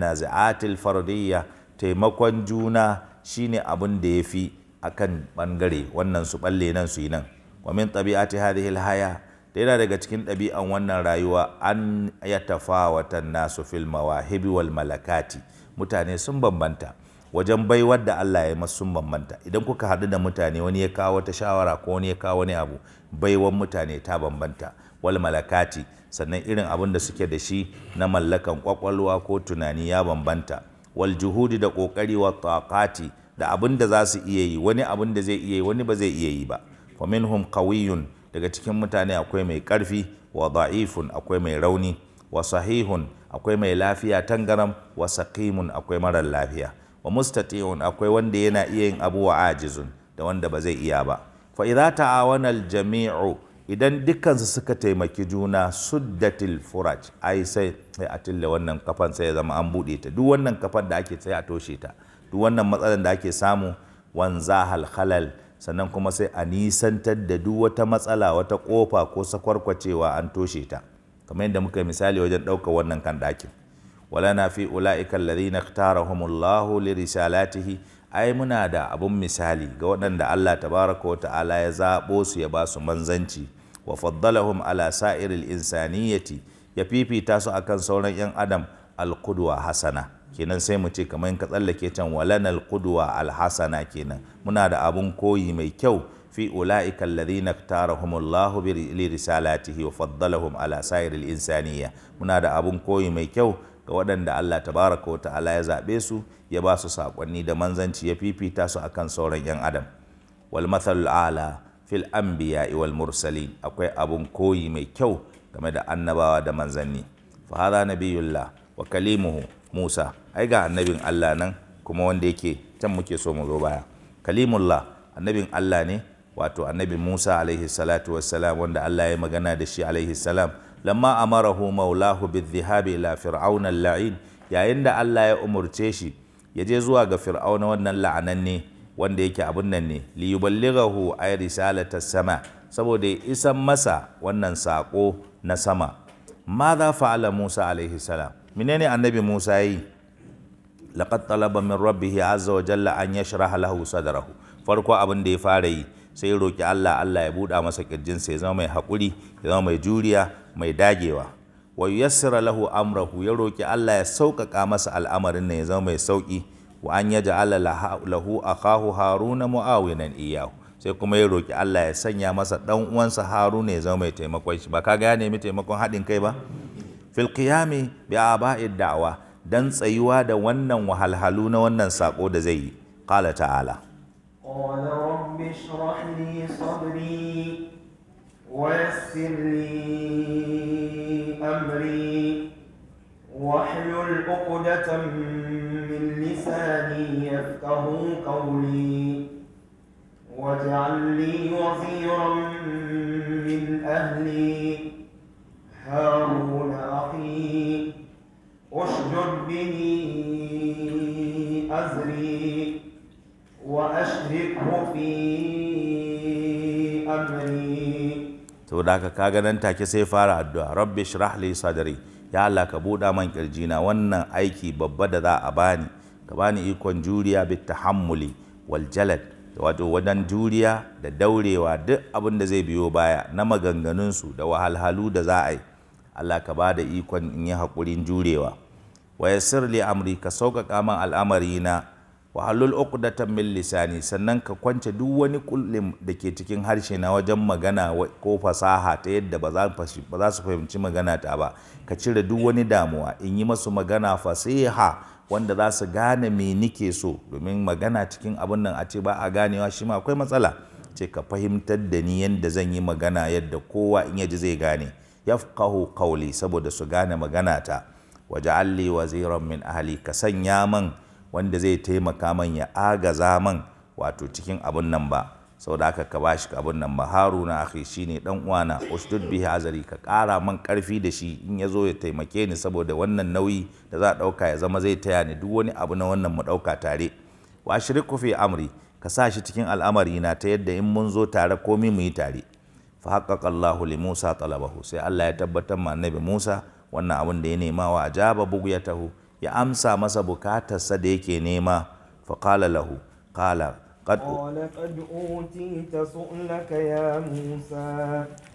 fardiyya taimakon juna shine abin da yafi akan bangare wannan su balle nan su yi nan wa min tabi'ati hadhihi alhaya da yana daga cikin ɗabi'an wannan rayuwa an ya tafa tafawatan nasu fil mawahibi wal malakati mutane sun bambanta wajen baiwar da Allah ya masu sun bambanta idan kuka haɗu da mutane wani ya kawo wata shawara ko wani ya kawo wani abu baiwar mutane ta bambanta wal malakati sannan irin abin da suke da shi na mallakan kwakwalwa ko tunani ya bambanta wal juhudi da kokari wa taqati da abin da za su iya yi wani abin da zai iya yi wani ba zai iya yi ba fa minhum qawiyyun daga cikin mutane akwai mai ƙarfi wa da'ifun akwai mai rauni wa sahihun akwai mai lafiya tangaram wa saqimun akwai marar lafiya wa mustati'un akwai wanda yana iya yin abu wa ajizun da wanda ba zai iya ba fa idza ta'awana al-jami'u idan dukkansu suka taimaki juna suddatil furaj ai sai sai a tilla wannan kafan sai ya zama an buɗe ta duk wannan kafan da ake sai a toshe ta duk wannan matsalar da ake samu wanzahal halal sannan kuma sai a nisantar da duk wata matsala wata kofa ko sakwarkwacewa an toshe ta kamar yadda muka yi misali wajen ɗaukar wannan kan ɗakin wala na fi ula'ika alladhina ikhtarahumullahu li risalatihi ai muna da abun misali ga waɗanda Allah tabaraka wa ta'ala ya zaɓo su ya ba su manzanci wa faddalahum ala sa'iril insaniyati ya fifita su akan sauran 'yan adam alqudwa hasana kenan sai mu ce kamar ka tsallake can walanal qudwa alhasana kenan muna da abun koyi mai kyau fi ulaika alladhina ikhtarahumullahu li risalatihi wa faddalahum ala sairil insaniyya muna da abun koyi mai kyau ga waɗanda Allah tabaraka wa ta'ala ya zaɓe su ya ba su saƙonni da manzanci ya fifita su akan sauran 'yan adam wal mathalul ala fil anbiya wal mursalin akwai abun koyi mai kyau game da annabawa da manzanni fa hadha nabiyullah wa kalimuhu musa ai ga annabin Allah nan kuma wanda yake can muke so mu zo baya kalimullah annabin Allah ne wato annabi Musa alaihi salatu wassalam wanda Allah ya magana da shi alaihi salam lamma amarahu maulahu bidhihabi ila fir'auna la'in yayin da Allah ya umurce shi ya je zuwa ga fir'auna wannan la'ananne wanda yake abun nan ne li yuballighahu ay risalata sama saboda ya isan masa wannan sako na sama ma za fa'ala Musa alaihi salam menene annabi Musa yi laqad talaba min rabbih azza wa jalla an yashraha lahu sadrahu farko abin da ya fara yi sai ya roki Allah Allah ya buɗa masa kirjin sai ya zama mai haƙuri ya zama mai juriya mai dagewa wa yassara lahu amrahu ya roki Allah ya sauƙaƙa masa al'amarin nan ya zama mai sauƙi wa an yaj'ala lahu akahu haruna mu'awinan iyahu sai kuma ya roki Allah ya sanya masa dan uwansa haruna ya zama mai taimakon shi ba ka ga ya nemi taimakon haɗin kai ba fil qiyami bi aba'i da'wa dan tsayuwa da wannan wahalhalu na wannan sako da zai yi qala ta'ala qala rabbi ishrah li sadri wa yassir li amri واحلل عقدة من لساني يفقه قولي واجعل لي وزيرا من أهلي هارون أخي اشدد به أزري وأشركه في أمري to da ka kaga nan take sai fara addu'a rabbi shrah li sadri ya Allah ka buɗa man kirjina wannan aiki babba da za a bani ka bani ikon juriya bit tahammuli wal jalad wato wadan juriya da daurewa duk abin da zai biyo baya na maganganun su da wahalhalu da za a yi Allah ka ba da ikon in yi haƙurin jurewa wa yassir li amri ka sauƙaƙa min al'amarina wa halul uqdatan min lisani sannan ka kwance duk wani kullum da ke cikin harshe na wajen magana ko fasaha ta yadda ba za su fahimci magana ta ba ka cire duk wani damuwa in yi masu magana fasiha wanda za su gane me nike so domin magana cikin abin nan a ce ba a ganewa shi ma akwai matsala ce ka fahimtar da ni yadda zan yi magana yadda kowa in yaji zai gane yafqahu qawli saboda su gane magana ta waj'al li waziran min ahli ka sanya man wanda zai taimaka man ya agaza man wato cikin abun nan ba saboda haka ka bashi abun nan ba haruna akhi shine dan uwana usdud bihi azari ka kara man karfi da shi in ya zo ya taimake ni saboda wannan nauyi da za a dauka ya zama zai taya ni duk wani abu na wannan mu dauka tare wa shiriku fi amri ka sa shi cikin al'amari na ta yadda in mun zo tare komai mu yi tare fa haqqaqa Allahu li Musa talabahu sai Allah ya tabbatar ma annabi Musa wannan abin da ya nema wa ajaba taho ya amsa masa bukatarsa da yake nema fa qala lahu qala qad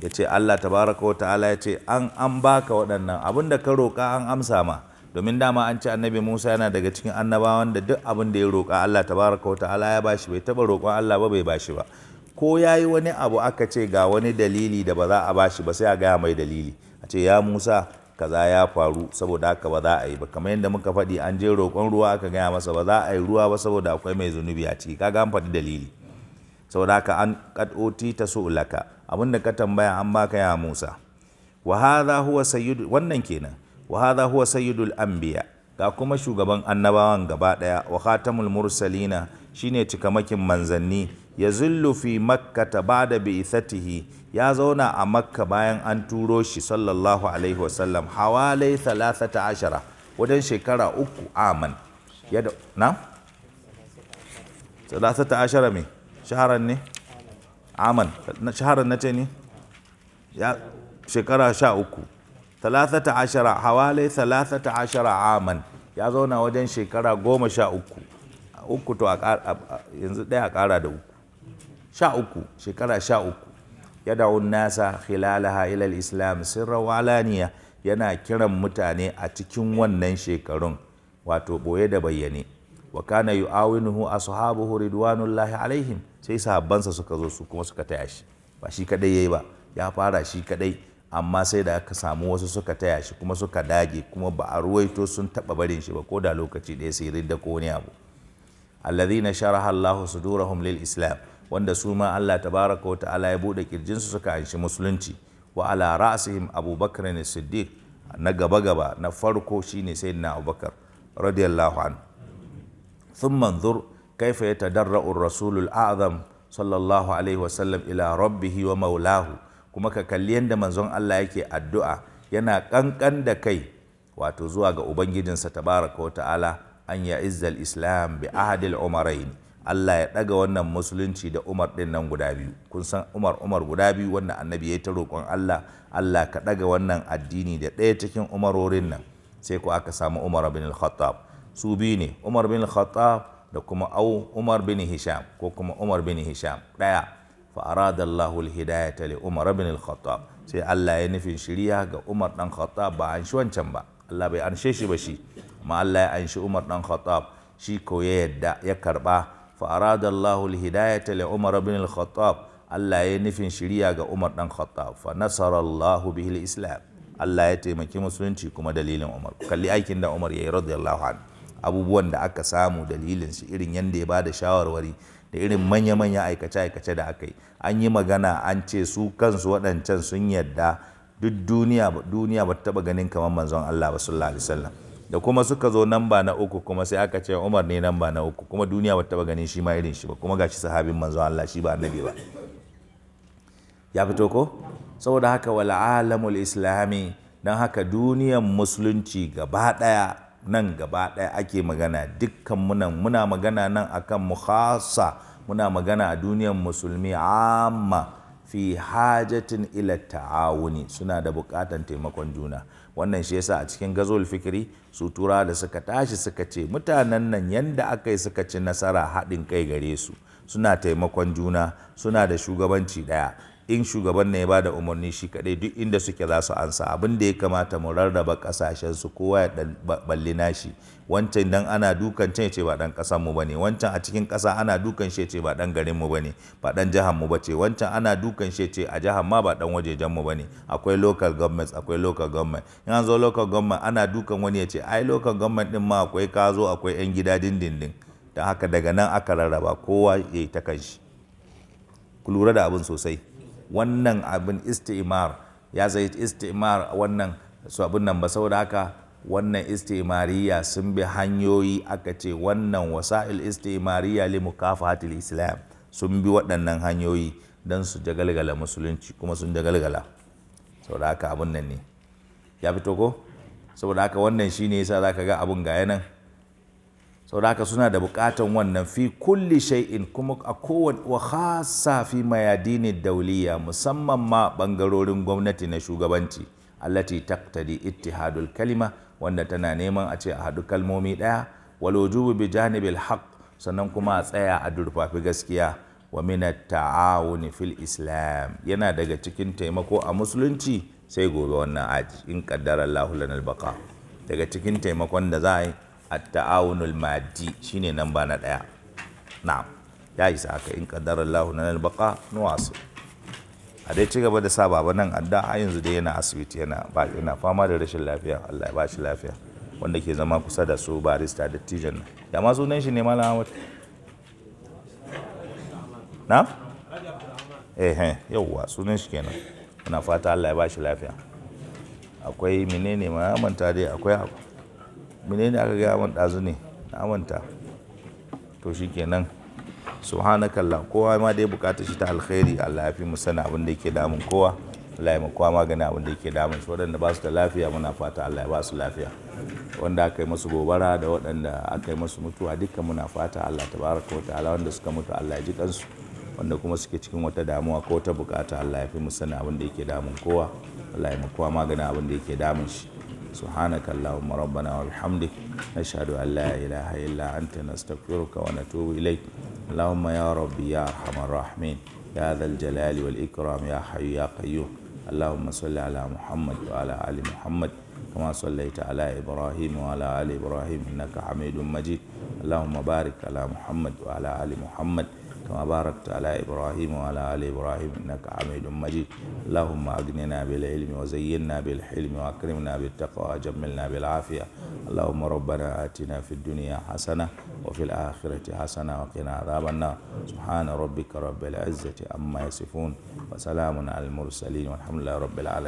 ya ce Allah tabaraka wa ta'ala ya ce an an baka waɗannan abin da ka roƙa an amsa ma domin dama an ci annabi Musa yana daga cikin annabawan da duk abin da ya roƙa Allah tabaraka wa ta'ala ya bashi bai taɓa roƙon Allah ba bai bashi ba ko ya yi wani abu aka ce ga wani dalili da ba za a bashi ba sai a gaya mai dalili a ce ya Musa kaza ya faru saboda haka ba za a yi ba kamar yadda muka faɗi an je roƙon ruwa aka gaya masa ba za a yi ruwa ba saboda akwai mai zunubi a ciki kaga an faɗi dalili saboda haka an kadoti ta abin da ka tambaya an baka ya Musa wa hadha huwa sayyidu wannan kenan wa hadha huwa sayyidul anbiya ga kuma shugaban annabawan gaba daya wa khatamul mursalina shine cikamakin manzanni ya zullu fi makkata da bi ya zauna a makka bayan an turo shi sallallahu alaihi wasallam hawalai thalathata ashara wajen shekara uku aman ya da na? thalathata ashara me shaharar ne? aman shaharar na ce ne? ya shekara sha uku thalathata ashara hawalai thalathata ashara aman ya zauna wajen shekara goma sha uku uku to a yanzu ɗaya a ƙara da uku sha uku shekara sha uku ya dawo nasa khilalaha ilal islam sirra walaniya yana kiran mutane a cikin wannan shekarun wato boye da bayyane wa kana yu'awinuhu ashabuhu ridwanullahi alaihim sai sahabbansa suka zo su kuma suka taya shi ba shi kadai yayi ba ya fara shi kadai amma sai da aka samu wasu suka taya shi kuma suka dage kuma ba a ruwaito sun taba barin shi ba ko da lokaci ɗaya sai ridda ko wani abu alladhina sharaha Allahu sudurahum lil islam wanda su ma Allah tabaraka wa ta'ala ya bude suka anshi musulunci wa ala him abubakar ne siddiq na gaba gaba na farko shine sayyidina abubakar radiyallahu an thum manzur kaifa yatadarra'u ar-rasulul a'zam sallallahu ila rabbih wa maulahu kuma ka kalli yanda manzon Allah yake addu'a yana kankan da kai wato zuwa ga ubangijinsa tabaraka an ya izzal islam bi ahdil umarain Allah ya ɗaga wannan musulunci da Umar ɗin nan guda biyu kun san Umar Umar guda biyu wanda annabi ya ta roƙon Allah Allah ka ɗaga wannan addini da ɗaya cikin umarorin nan sai ko aka samu Umar bin Al-Khattab su biyu ne Umar bin Al-Khattab da kuma au Umar bin Hisham ko kuma Umar bin Hisham ɗaya fa arada Allahu al-hidayata li Umar bin Al-Khattab sai Allah ya nufin shiriya ga Umar ɗan Khattab ba an shi wancan ba Allah bai anshe shi ba shi amma Allah ya anshi Umar ɗan Khattab shi ko ya yadda ya karɓa fa arada Allahu al-hidayata li Umar ibn al-Khattab Allah ya yi nufin shiriya ga Umar dan Khattab fa nasara Allahu bihi al-islam Allah ya taimaki musulunci kuma dalilin Umar kalli aikin da Umar yayi radiyallahu anhu abubuwan da aka samu dalilinsu irin yadda ya bada shawarwari da irin manya-manya aikace-aikace da aka yi an yi magana an ce su kansu waɗancan sun yarda duk duniya ba ta taɓa ganin kamar manzon Allah ba sallallahu alaihi wasallam da kuma suka zo nan ba na uku kuma sai aka ce Umar ne nan ba na uku kuma duniya ba taba ganin shi ma irin shi ba kuma ga shi sahabin manzo Allah shi ba annabi ba ya fito ko saboda haka wal alamul islami dan haka duniyan musulunci gaba daya nan gaba daya ake magana dukkan munan muna magana nan akan mukhasa muna magana a duniyar musulmi amma fi hajatin ila ta'awuni suna da bukatan taimakon juna wannan shi yasa a cikin gazol fikiri su tura da suka tashi suka ce mutanen nan yanda aka yi suka ci nasara haɗin kai gare su suna taimakon juna suna da shugabanci ɗaya in shugaban na ya bada umarni shi kaɗai duk inda suke za su ansa abin da ya kamata mu rarraba ƙasashen su kowa ya balli nashi wancan dan ana dukan can ce ba dan kasan mu bane wancan a cikin kasa ana dukan shi ce ba dan garin mu bane ba dan jahan mu bace wancan ana dukan shi ce a jahan ma ba dan wajejen mu bane akwai local governments akwai local government in an zo local government ana dukan wani ya ce ai local government din ma akwai kazo akwai yan gida dindindin dan haka daga nan aka rarraba kowa ya yi ta kanshi ku lura da abin sosai wannan abin istimar ya zai istimar wannan su abin nan ba saboda haka wannan istimariya sun bi hanyoyi aka ce wannan wasa'il istimariya li mukafatil islam sun bi waɗannan hanyoyi don su jagalgala musulunci kuma sun jagalgala saboda haka abun nan ne ya fito ko saboda haka wannan shine yasa zaka ga abun ga yanan saboda haka suna da bukatan wannan fi kulli shay'in kuma a kowane wa khassa fi mayadini dauliya musamman ma bangarorin gwamnati na shugabanci allati taqtadi ittihadul kalima wanda tana neman a ce a haɗu kalmomi ɗaya wal wujubu bi janibil haq sannan kuma a tsaya a durfafi gaskiya wa minat ta'awuni fil islam yana daga cikin taimako a musulunci sai gobe wannan aji in qaddara Allahu lana daga cikin taimakon da za a yi at ta'awunul maddi shine namba na daya na'am ya isa haka in qaddara Allahu lana nuwasu a dai ci gaba da sa baba nan adda a yanzu dai yana asibiti yana yana fama da rashin lafiya Allah ya ba shi lafiya wanda ke zama kusa da su barista dattijan nan da ma sunan shi ne malam Ahmad na eh eh yauwa sunan shi kenan muna fata Allah ya ba shi lafiya akwai menene ma manta dai akwai menene aka ga mun dazu ne na manta to shikenan kalla kowa ma dai bukatar shi ta alkhairi Allah ya fi mu sana abin da yake damun kowa Allah ya makuwa magani abin da yake damun su waɗanda ba su da lafiya muna fata Allah ya ba su lafiya wanda aka yi masu gobara da wadanda aka yi masu mutuwa dukkan muna fata Allah baraka wa ta'ala wanda suka mutu Allah ya ji kansu wanda kuma suke cikin wata damuwa ko wata bukata Allah ya fi mu abinda abin da yake damun kowa Allah ya makuwa magani abin da yake damun shi سبحانك اللهم ربنا وبحمدك نشهد أن لا إله إلا أنت نستغفرك ونتوب إليك اللهم يا ربي يا أرحم الراحمين يا ذا الجلال والإكرام يا حي يا قيوم اللهم صل على محمد وعلى آل محمد كما صليت على إبراهيم وعلى آل إبراهيم إنك حميد مجيد اللهم بارك على محمد وعلى آل محمد كما باركت على إبراهيم وعلى آل إبراهيم إنك حميد مجيد اللهم أغننا بالعلم وزينا بالحلم وأكرمنا بالتقوى وجملنا بالعافية اللهم ربنا آتنا في الدنيا حسنة وفي الآخرة حسنة وقنا عذاب النار سبحان ربك رب العزة أما يصفون وسلام على المرسلين والحمد لله رب العالمين